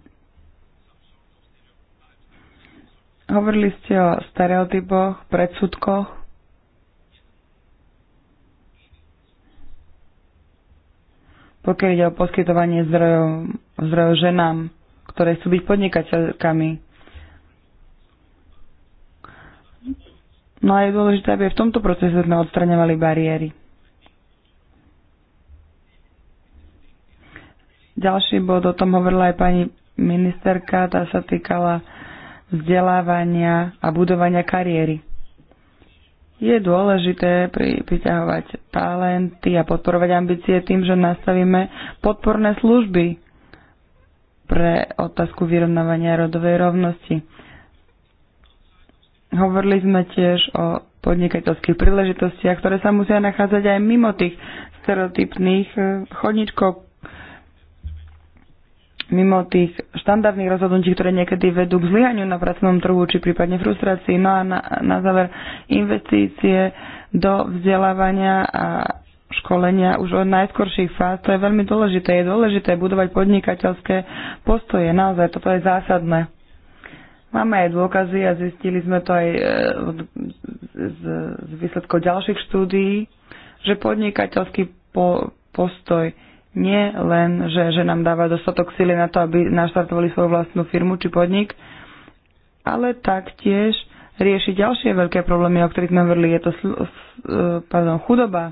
Hovorili ste o stereotypoch, predsudkoch, pokiaľ ide o poskytovanie zdrojov, zdrojov ženám, ktoré chcú byť podnikateľkami. No a je dôležité, aby v tomto procese sme odstraňovali bariéry. Ďalší bod, o tom hovorila aj pani ministerka, tá sa týkala vzdelávania a budovania kariéry je dôležité pri, priťahovať talenty a podporovať ambície tým, že nastavíme podporné služby pre otázku vyrovnávania rodovej rovnosti. Hovorili sme tiež o podnikateľských príležitostiach, ktoré sa musia nachádzať aj mimo tých stereotypných eh, chodníčkov, mimo tých štandardných rozhodnutí, ktoré niekedy vedú k zlyhaniu na pracovnom trhu či prípadne frustrácii. No a na, na záver investície do vzdelávania a školenia už od najskorších fáz. To je veľmi dôležité. Je dôležité budovať podnikateľské postoje. Naozaj, toto je zásadné. Máme aj dôkazy a zistili sme to aj e, z, z výsledkov ďalších štúdií, že podnikateľský po, postoj nie len, že, že nám dáva dostatok síly na to, aby naštartovali svoju vlastnú firmu či podnik, ale taktiež rieši ďalšie veľké problémy, o ktorých sme hovorili. Je to e, pardon, chudoba.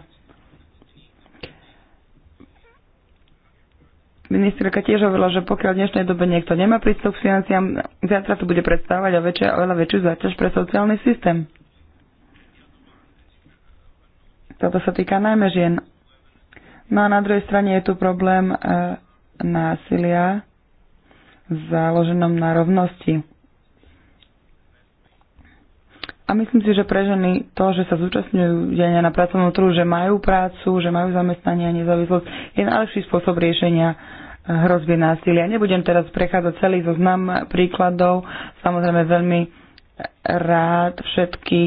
Ministerka tiež hovorila, že pokiaľ v dnešnej dobe niekto nemá prístup k financiám, zajtra to bude predstavovať a väčšia, oveľa väčšiu záťaž pre sociálny systém. Toto sa týka najmä žien. No a na druhej strane je tu problém e, násilia založenom na rovnosti. A myslím si, že pre ženy to, že sa zúčastňujú denia na pracovnú trhu, že majú prácu, že majú zamestnanie a nezávislosť, je najlepší spôsob riešenia e, hrozby násilia. Nebudem teraz prechádzať celý zoznam príkladov. Samozrejme veľmi rád všetky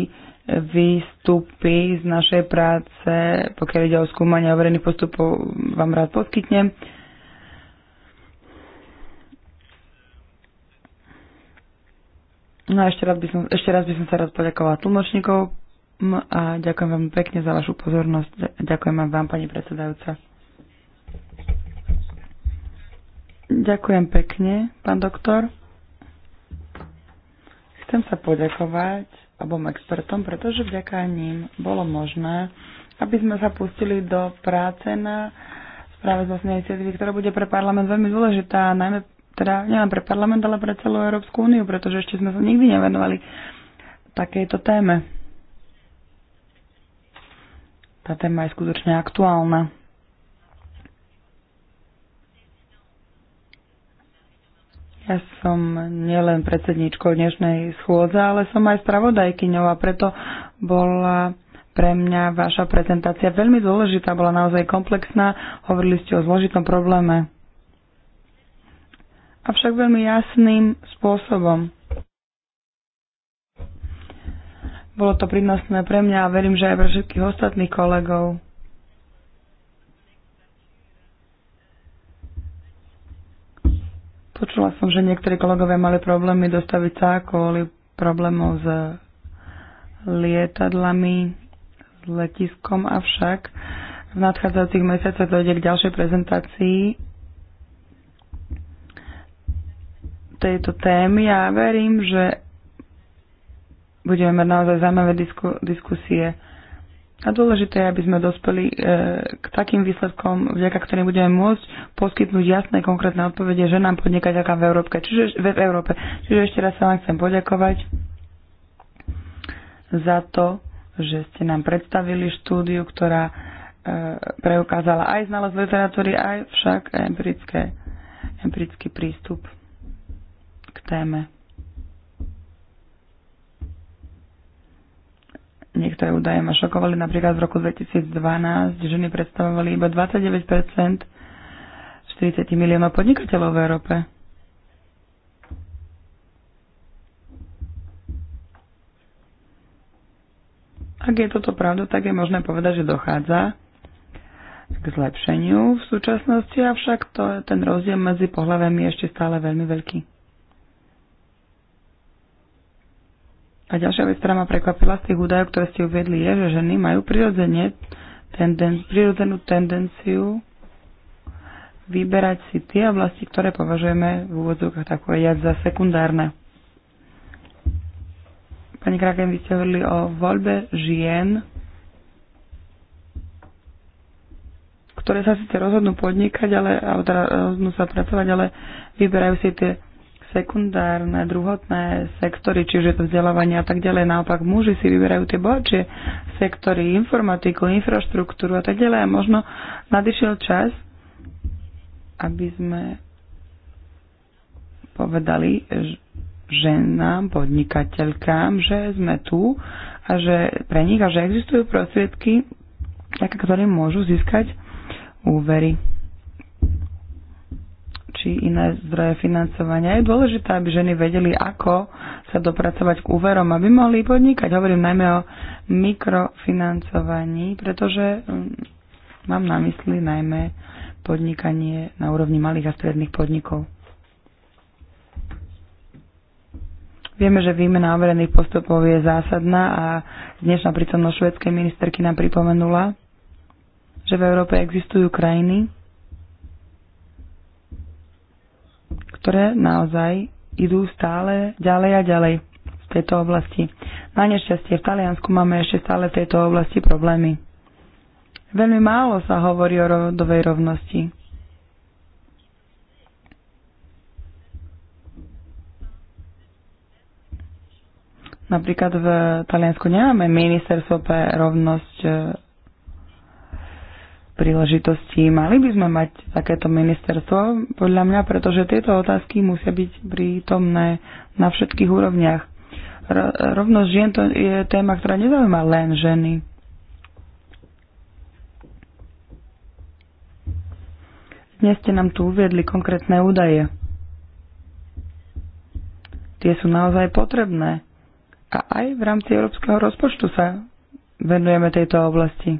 výstupy z našej práce, pokiaľ ide o skúmanie overených postupov, vám rád poskytnem. No a ešte raz by som, ešte raz by som sa rád poďakovala tlmočníkov a ďakujem vám pekne za vašu pozornosť. Ďakujem vám, pani predsedajúca. Ďakujem pekne, pán doktor. Chcem sa poďakovať obom expertom, pretože vďaka ním bolo možné, aby sme sa pustili do práce na správe z vlastnej iniciatívy, ktorá bude pre parlament veľmi dôležitá, najmä teda nielen pre parlament, ale pre celú Európsku úniu, pretože ešte sme sa nikdy nevenovali takejto téme. Tá téma je skutočne aktuálna. Ja som nielen predsedničkou dnešnej schôdze, ale som aj spravodajkyňou a preto bola pre mňa vaša prezentácia veľmi dôležitá, bola naozaj komplexná, hovorili ste o zložitom probléme. Avšak veľmi jasným spôsobom. Bolo to prínosné pre mňa a verím, že aj pre všetkých ostatných kolegov. Počula som, že niektorí kolegovia mali problémy dostaviť sa kvôli problémov s lietadlami, s letiskom, avšak v nadchádzajúcich mesiacoch dojde k ďalšej prezentácii tejto témy a ja verím, že budeme mať naozaj zaujímavé disku, diskusie a dôležité je, aby sme dospeli e, k takým výsledkom, vďaka ktorým budeme môcť poskytnúť jasné, konkrétne odpovede, že nám aká v Európe. Čiže, v Európe. Čiže ešte raz sa vám chcem poďakovať za to, že ste nám predstavili štúdiu, ktorá e, preukázala aj znalosť literatúry, aj však empirické, empirický prístup k téme. Niektoré údaje ma šokovali, napríklad v roku 2012 ženy predstavovali iba 29 40 miliónov podnikateľov v Európe. Ak je toto pravda, tak je možné povedať, že dochádza k zlepšeniu v súčasnosti, avšak to, ten rozdiel medzi pohľavami je ešte stále veľmi veľký. A ďalšia vec, ktorá ma prekvapila z tých údajov, ktoré ste uviedli, je, že ženy majú prirodzene tenden- prirodzenú tendenciu vyberať si tie oblasti, ktoré považujeme v úvodzovkách tak povedať za sekundárne. Pani Kraken, vy ste hovorili o voľbe žien, ktoré sa síce rozhodnú podnikať, ale, alebo teda rozhodnú sa pracovať, ale vyberajú si tie sekundárne, druhotné sektory, čiže to vzdelávanie a tak ďalej. Naopak muži si vyberajú tie bohatšie sektory, informatiku, infraštruktúru a tak ďalej. A možno nadišiel čas, aby sme povedali ženám, podnikateľkám, že sme tu a že pre nich a že existujú prostriedky, ktoré môžu získať úvery či iné zdroje financovania. Je dôležité, aby ženy vedeli, ako sa dopracovať k úverom, aby mohli podnikať. Hovorím najmä o mikrofinancovaní, pretože mm, mám na mysli najmä podnikanie na úrovni malých a stredných podnikov. Vieme, že výmena overených postupov je zásadná a dnešná prítomnosť švedskej ministerky nám pripomenula, že v Európe existujú krajiny, ktoré naozaj idú stále ďalej a ďalej v tejto oblasti. Na nešťastie v Taliansku máme ešte stále v tejto oblasti problémy. Veľmi málo sa hovorí o rodovej rovnosti. Napríklad v Taliansku nemáme ministerstvo pre rovnosť príležitostí. Mali by sme mať takéto ministerstvo, podľa mňa, pretože tieto otázky musia byť prítomné na všetkých úrovniach. Rovnosť žien to je téma, ktorá nezaujíma len ženy. Dnes ste nám tu uviedli konkrétne údaje. Tie sú naozaj potrebné. A aj v rámci európskeho rozpočtu sa venujeme tejto oblasti.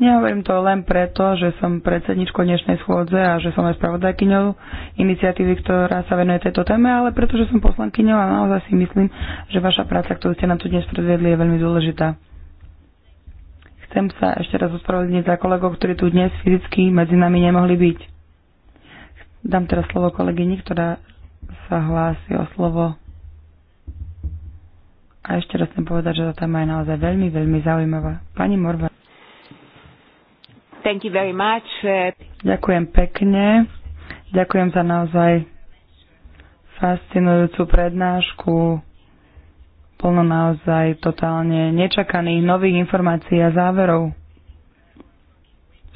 Nehovorím to len preto, že som predsedničkou dnešnej schôdze a že som aj spravodajkyňou iniciatívy, ktorá sa venuje tejto téme, ale preto, že som poslankyňou a naozaj si myslím, že vaša práca, ktorú ste nám tu dnes predvedli, je veľmi dôležitá. Chcem sa ešte raz ospravedlniť za kolegov, ktorí tu dnes fyzicky medzi nami nemohli byť. Dám teraz slovo kolegyni, ktorá sa hlási o slovo. A ešte raz chcem povedať, že tá téma je naozaj veľmi, veľmi zaujímavá. Pani Morva. Thank you very much. Uh, Ďakujem pekne. Ďakujem za naozaj fascinujúcu prednášku plno naozaj totálne nečakaných nových informácií a záverov.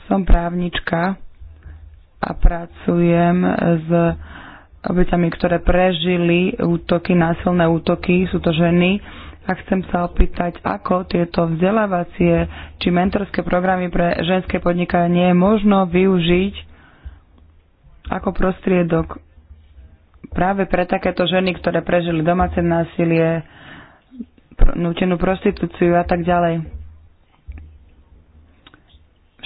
Som právnička a pracujem s obeťami, ktoré prežili útoky, násilné útoky, sú to ženy, a chcem sa opýtať, ako tieto vzdelávacie či mentorské programy pre ženské podnikanie je možno využiť ako prostriedok práve pre takéto ženy, ktoré prežili domáce násilie, nútenú prostitúciu a tak ďalej.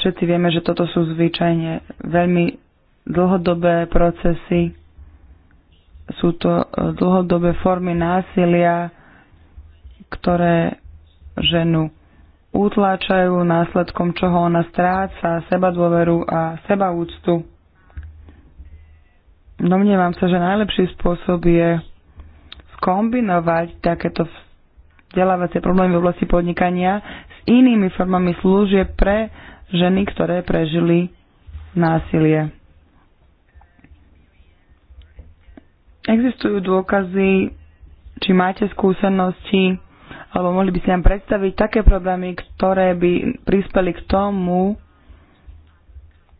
Všetci vieme, že toto sú zvyčajne veľmi dlhodobé procesy, sú to e, dlhodobé formy násilia, ktoré ženu utláčajú, následkom čoho ona stráca seba dôveru a seba úctu. Domnievam sa, že najlepší spôsob je skombinovať takéto vzdelávacie problémy v oblasti podnikania s inými formami služieb pre ženy, ktoré prežili násilie. Existujú dôkazy, či máte skúsenosti alebo mohli by ste nám predstaviť také problémy, ktoré by prispeli k tomu,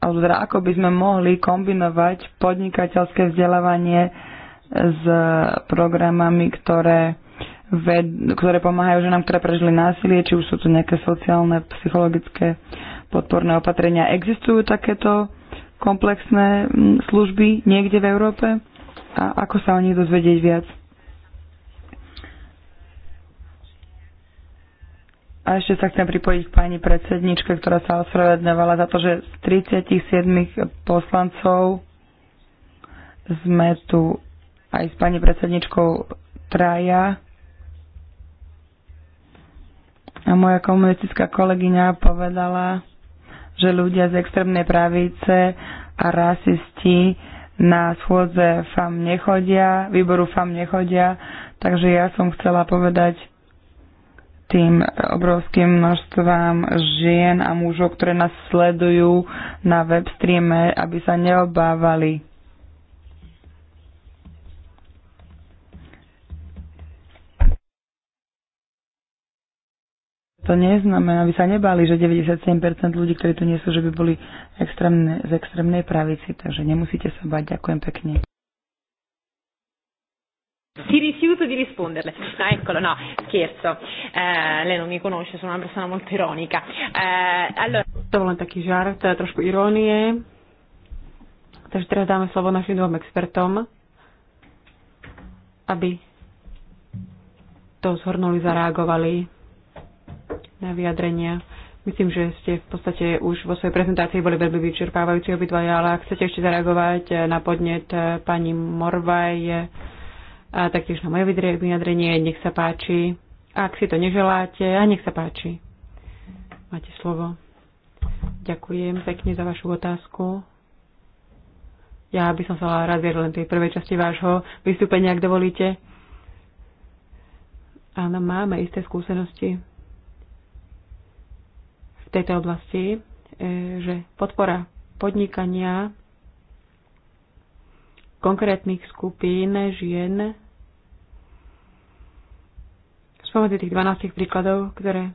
alebo teda ako by sme mohli kombinovať podnikateľské vzdelávanie s programami, ktoré, ved, ktoré pomáhajú ženám, ktoré prežili násilie, či už sú to nejaké sociálne, psychologické podporné opatrenia. Existujú takéto komplexné služby niekde v Európe? A ako sa o nich dozvedieť viac? A ešte sa chcem pripojiť k pani predsedničke, ktorá sa ospravedlňovala za to, že z 37 poslancov sme tu aj s pani predsedničkou Traja. A moja komunistická kolegyňa povedala, že ľudia z extrémnej pravice a rasisti na schôdze FAM nechodia, výboru FAM nechodia, takže ja som chcela povedať, tým obrovským množstvám žien a mužov, ktoré nás sledujú na web streame, aby sa neobávali. To neznamená, aby sa nebali, že 97% ľudí, ktorí tu nie sú, že by boli extrémne, z extrémnej pravici. Takže nemusíte sa bať. Ďakujem pekne. Si rifiuto di risponderle. No, eccolo, no, scherzo. Eh, lei non mi conosce, sono una persona molto ironica. Eh, allora... To bol len taký žart, trošku ironie. Takže teraz dáme slovo našim dvom expertom, aby to zhrnuli, zareagovali na vyjadrenia. Myslím, že ste v podstate už vo svojej prezentácii boli veľmi vyčerpávajúci obidvaja, ale ak chcete ešte zareagovať na podnet pani Morvaj, a taktiež na moje vyjadrenie. Nech sa páči. Ak si to neželáte, a nech sa páči. Máte slovo. Ďakujem pekne za vašu otázku. Ja by som sa rád vyjadril len tej prvej časti vášho vystúpenia, ak dovolíte. Áno, máme isté skúsenosti v tejto oblasti, e, že podpora podnikania konkrétnych skupín žien spomedzi tých 12 príkladov, ktoré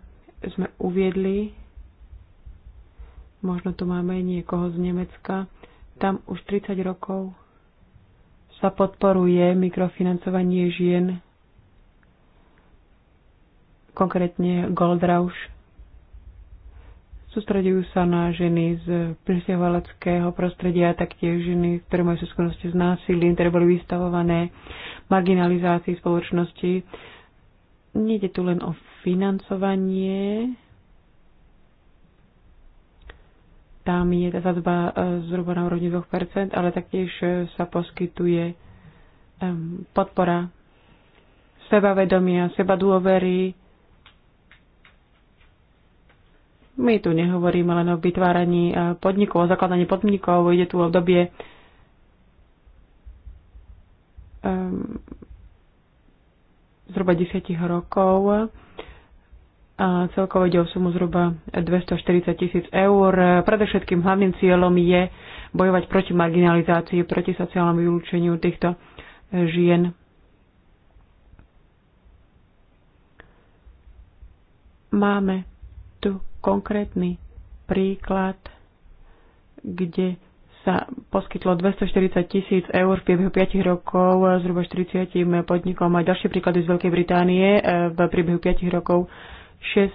sme uviedli, možno tu máme niekoho z Nemecka, tam už 30 rokov sa podporuje mikrofinancovanie žien, konkrétne Goldrausch Sústredujú sa na ženy z prisťahovaleckého prostredia, taktiež ženy, ktoré majú skúsenosti s násilím, ktoré boli vystavované marginalizácii spoločnosti. Nejde tu len o financovanie, tam je tá zadba e, zhruba na úrovni 2%, ale taktiež e, sa poskytuje podpora sebavedomia, seba dôvery, My tu nehovoríme len o vytváraní eh, podnikov, o zakladaní podnikov, ide tu o obdobie um, zhruba 10 rokov a celkovo ide o sumu zhruba 240 tisíc eur. Predovšetkým hlavným cieľom je bojovať proti marginalizácii, proti sociálnom vylúčeniu týchto eh, žien. Máme konkrétny príklad, kde sa poskytlo 240 tisíc eur v priebehu 5 rokov zhruba 40 podnikom. A ďalšie príklady z Veľkej Británie e, v priebehu 5 rokov 6 e,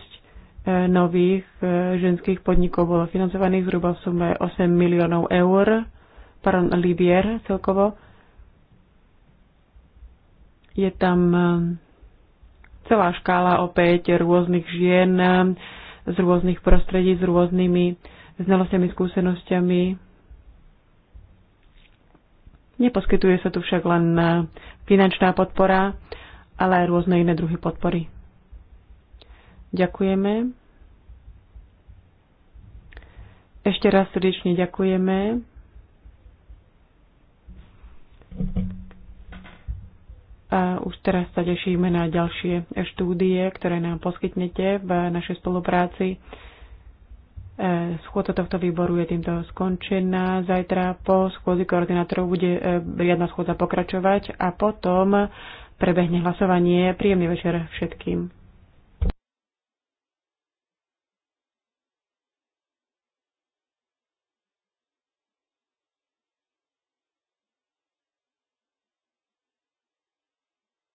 nových e, ženských podnikov bolo financovaných zhruba v sume 8 miliónov eur, pardon, libier celkovo. Je tam celá škála opäť rôznych žien, z rôznych prostredí, s rôznymi znalostiami, skúsenostiami. Neposkytuje sa tu však len e, finančná podpora, ale aj rôzne iné druhy podpory. Ďakujeme. Ešte raz srdečne ďakujeme. A už teraz sa tešíme na ďalšie štúdie, ktoré nám poskytnete v našej spolupráci. E, schôdza tohto výboru je týmto skončená. Zajtra po schôdzi koordinátorov bude e, riadna schôdza pokračovať a potom prebehne hlasovanie. Príjemný večer všetkým.